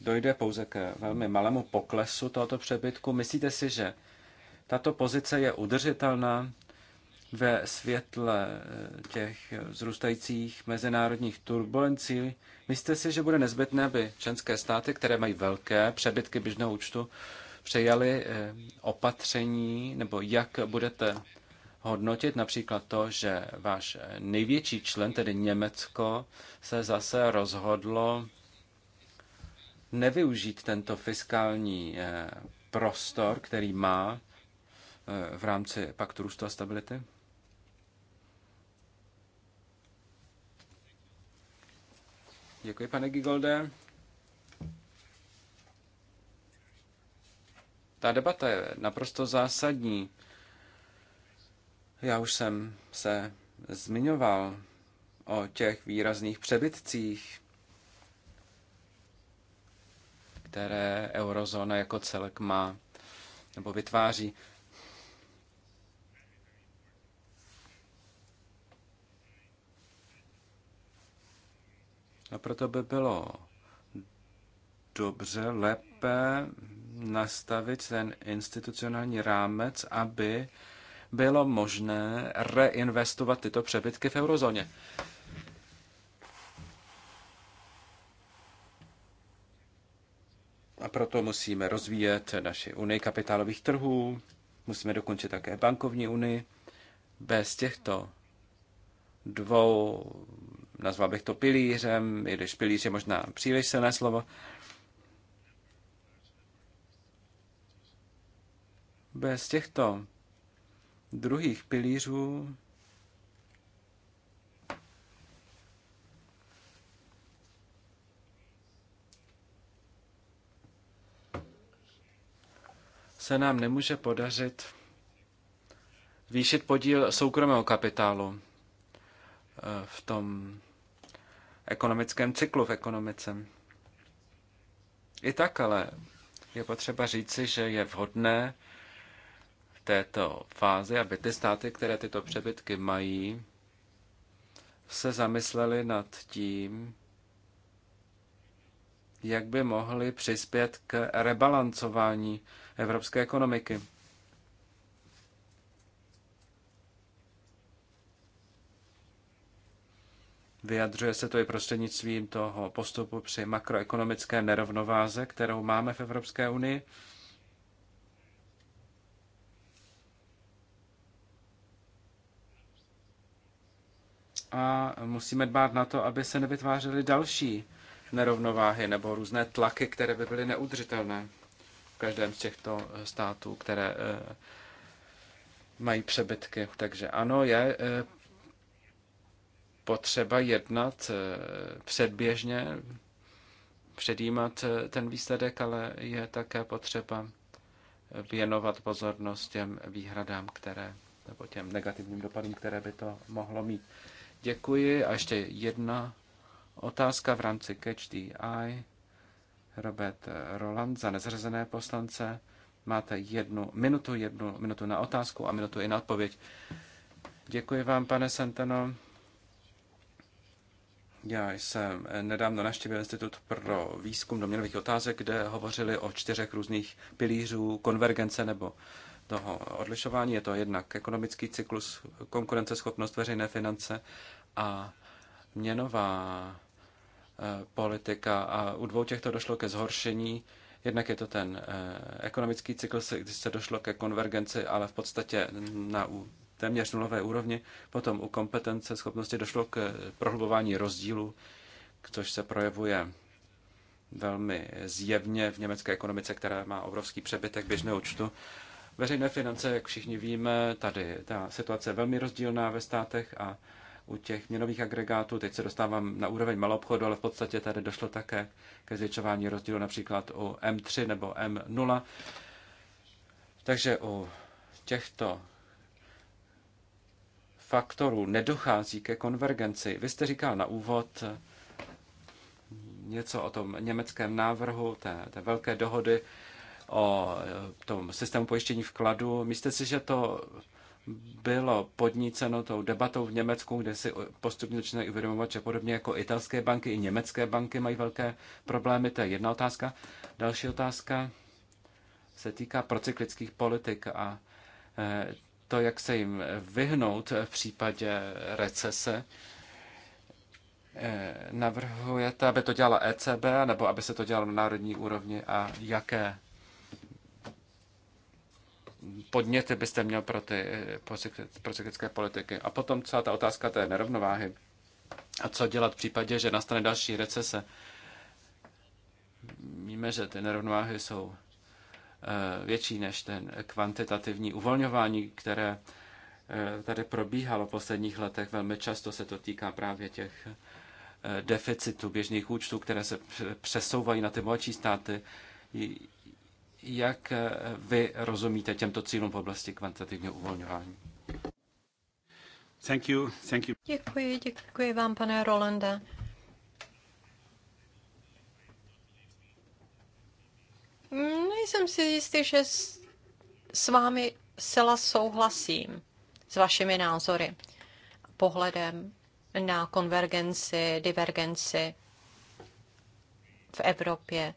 dojde pouze k velmi malému poklesu tohoto přebytku. Myslíte si, že tato pozice je udržitelná ve světle eh, těch zrůstajících mezinárodních turbulencí? Myslíte si, že bude nezbytné, aby členské státy, které mají velké přebytky běžného účtu, přejali eh, opatření, nebo jak budete hodnotit například to, že váš největší člen, tedy Německo, se zase rozhodlo nevyužít tento fiskální eh, prostor, který má eh, v rámci paktu růstu a stability? Děkuji, pane Gigolde. Ta debata je naprosto zásadní. Já už jsem se zmiňoval o těch výrazných přebytcích které eurozóna jako celek má nebo vytváří. A proto by bylo dobře, lépe nastavit ten institucionální rámec, aby bylo možné reinvestovat tyto přebytky v eurozóně. proto musíme rozvíjet naši unii kapitálových trhů, musíme dokončit také bankovní unii. Bez těchto dvou, nazval bych to pilířem, i když pilíř je možná příliš silné slovo, bez těchto druhých pilířů se nám nemůže podařit výšit podíl soukromého kapitálu eh, v tom ekonomickém cyklu v ekonomice. I tak ale je potřeba říci, že je vhodné v této fázi, aby ty státy, které tyto přebytky mají, se zamysleli nad tím, jak by mohli přispět k rebalancování evropské ekonomiky. Vyjadřuje se to i prostřednictvím toho postupu při makroekonomické nerovnováze, kterou máme v Evropské unii. A musíme dbát na to, aby se nevytvářely další nerovnováhy nebo různé tlaky, které by byly neudržitelné každém z těchto eh, států, které eh, mají přebytky. Takže ano, je eh, potřeba jednat předběžně, předjímat ten výsledek, ale je také potřeba věnovat pozornost těm výhradám, které, nebo těm negativním dopadům, které by to mohlo mít. Děkuji. A ještě jedna otázka v rámci Catch the Eye. Robert Roland za nezřazené poslance. Máte jednu minutu, jednu minutu na otázku a minutu i na odpověď. Děkuji vám, pane Santano. Já jsem nedávno naštívil Institut pro výzkum doměnových otázek, kde hovořili o čtyřech různých pilířů konvergence nebo toho odlišování. Je to jednak ekonomický cyklus, konkurenceschopnost veřejné finance a měnová Eh, politika a u dvou těchto došlo ke zhoršení. Jednak je to ten eh, ekonomický cyklus, když se došlo ke konvergenci, ale v podstatě na téměř nulové úrovni. Potom u kompetence schopnosti došlo k prohlubování rozdílu, což se projevuje velmi zjevně v německé ekonomice, která má obrovský přebytek běžného účtu. Veřejné finance, jak všichni víme, tady ta situace je velmi rozdílná ve státech a u těch měnových agregátů. Teď se dostávám na úroveň malobchodu, ale v podstatě tady došlo také ke zvětšování rozdílu například u M3 nebo M0. Takže u těchto faktorů nedochází ke konvergenci. Vy jste říkal na úvod něco o tom německém návrhu, té, té velké dohody o tom systému pojištění vkladu. Myslíte si, že to bylo podníceno tou debatou v Německu, kde si postupně začínají uvědomovat, že podobně jako italské banky, i německé banky mají velké problémy. To je jedna otázka. Další otázka se týká procyklických politik a e, to, jak se jim vyhnout v případě recese. E, navrhujete, aby to dělala ECB, nebo aby se to dělalo na národní úrovni a jaké podněty byste měl pro ty eh, pro politiky. A potom celá ta otázka té nerovnováhy. A co dělat v případě, že nastane další recese? Víme, že ty nerovnováhy jsou eh, větší než ten kvantitativní uvolňování, které eh, tady probíhalo v posledních letech. Velmi často se to týká právě těch deficitů běžných účtů, které se přesouvají na ty mladší státy jak eh, vy rozumíte těmto cílům v oblasti kvantitativního uvolňování? Thank you, thank you. Děkuji, děkuji vám, pane Rolanda. Nejsem si jistý, že s, s vámi zcela souhlasím s vašimi názory, pohledem na konvergenci, divergenci v Evropě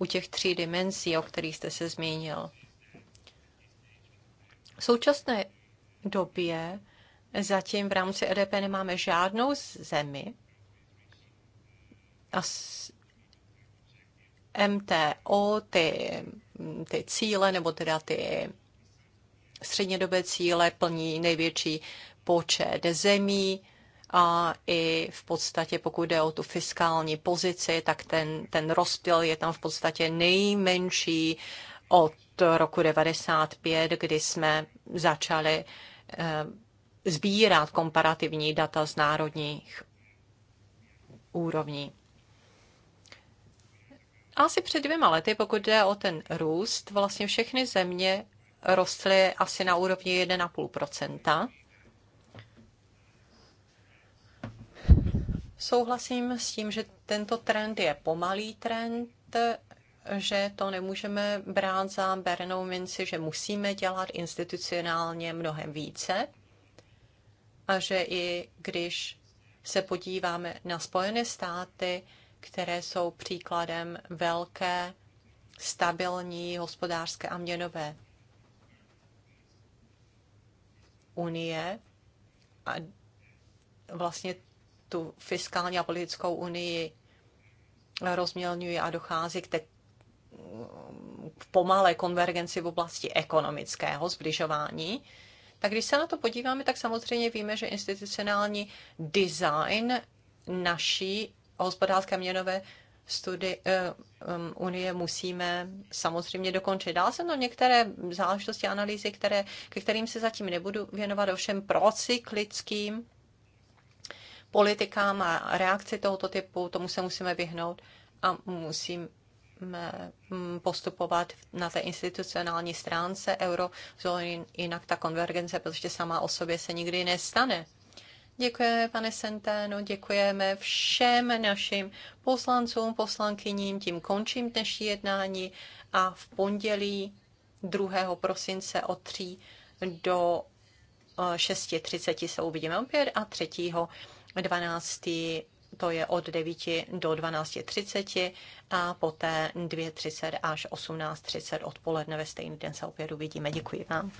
u těch tří dimenzí, o kterých jste se zmínil. V současné době zatím v rámci EDP nemáme žádnou zemi a MTO, ty, ty cíle, nebo teda ty střednědobé cíle plní největší počet zemí a i v podstatě, pokud jde o tu fiskální pozici, tak ten, ten rozpěl je tam v podstatě nejmenší od roku 95, kdy jsme začali eh, sbírat komparativní data z národních úrovní. Asi před dvěma lety, pokud jde o ten růst, vlastně všechny země rostly asi na úrovni 1,5 Souhlasím s tím, že tento trend je pomalý trend, že to nemůžeme brát za bernou minci, že musíme dělat institucionálně mnohem více a že i když se podíváme na Spojené státy, které jsou příkladem velké, stabilní hospodářské a měnové unie a vlastně tu fiskální a politickou unii rozmělňuje a dochází k, té k pomalé konvergenci v oblasti ekonomického zbližování. Tak když se na to podíváme, tak samozřejmě víme, že institucionální design naší hospodářské měnové studi- um, eh, unie musíme samozřejmě dokončit. Dál jsem tam některé záležitosti analýzy, které, ke kterým se zatím nebudu věnovat, ovšem procyklickým politikám a reakci tohoto typu, tomu se musíme vyhnout a musím, mm, postupovat na té institucionální stránce eurozóny, jinak ta konvergence prostě sama o sobě se nikdy nestane. Děkujeme, pane Senténu, děkujeme všem našim poslancům, poslankyním, tím končím dnešní jednání a v pondělí 2. prosince od 3 do 6.30 eh, se uvidíme opět a 3. 12. to je od 9 do 12.30 a poté 2.30 až 18.30 odpoledne ve stejný den se opět uvidíme. Děkuji vám.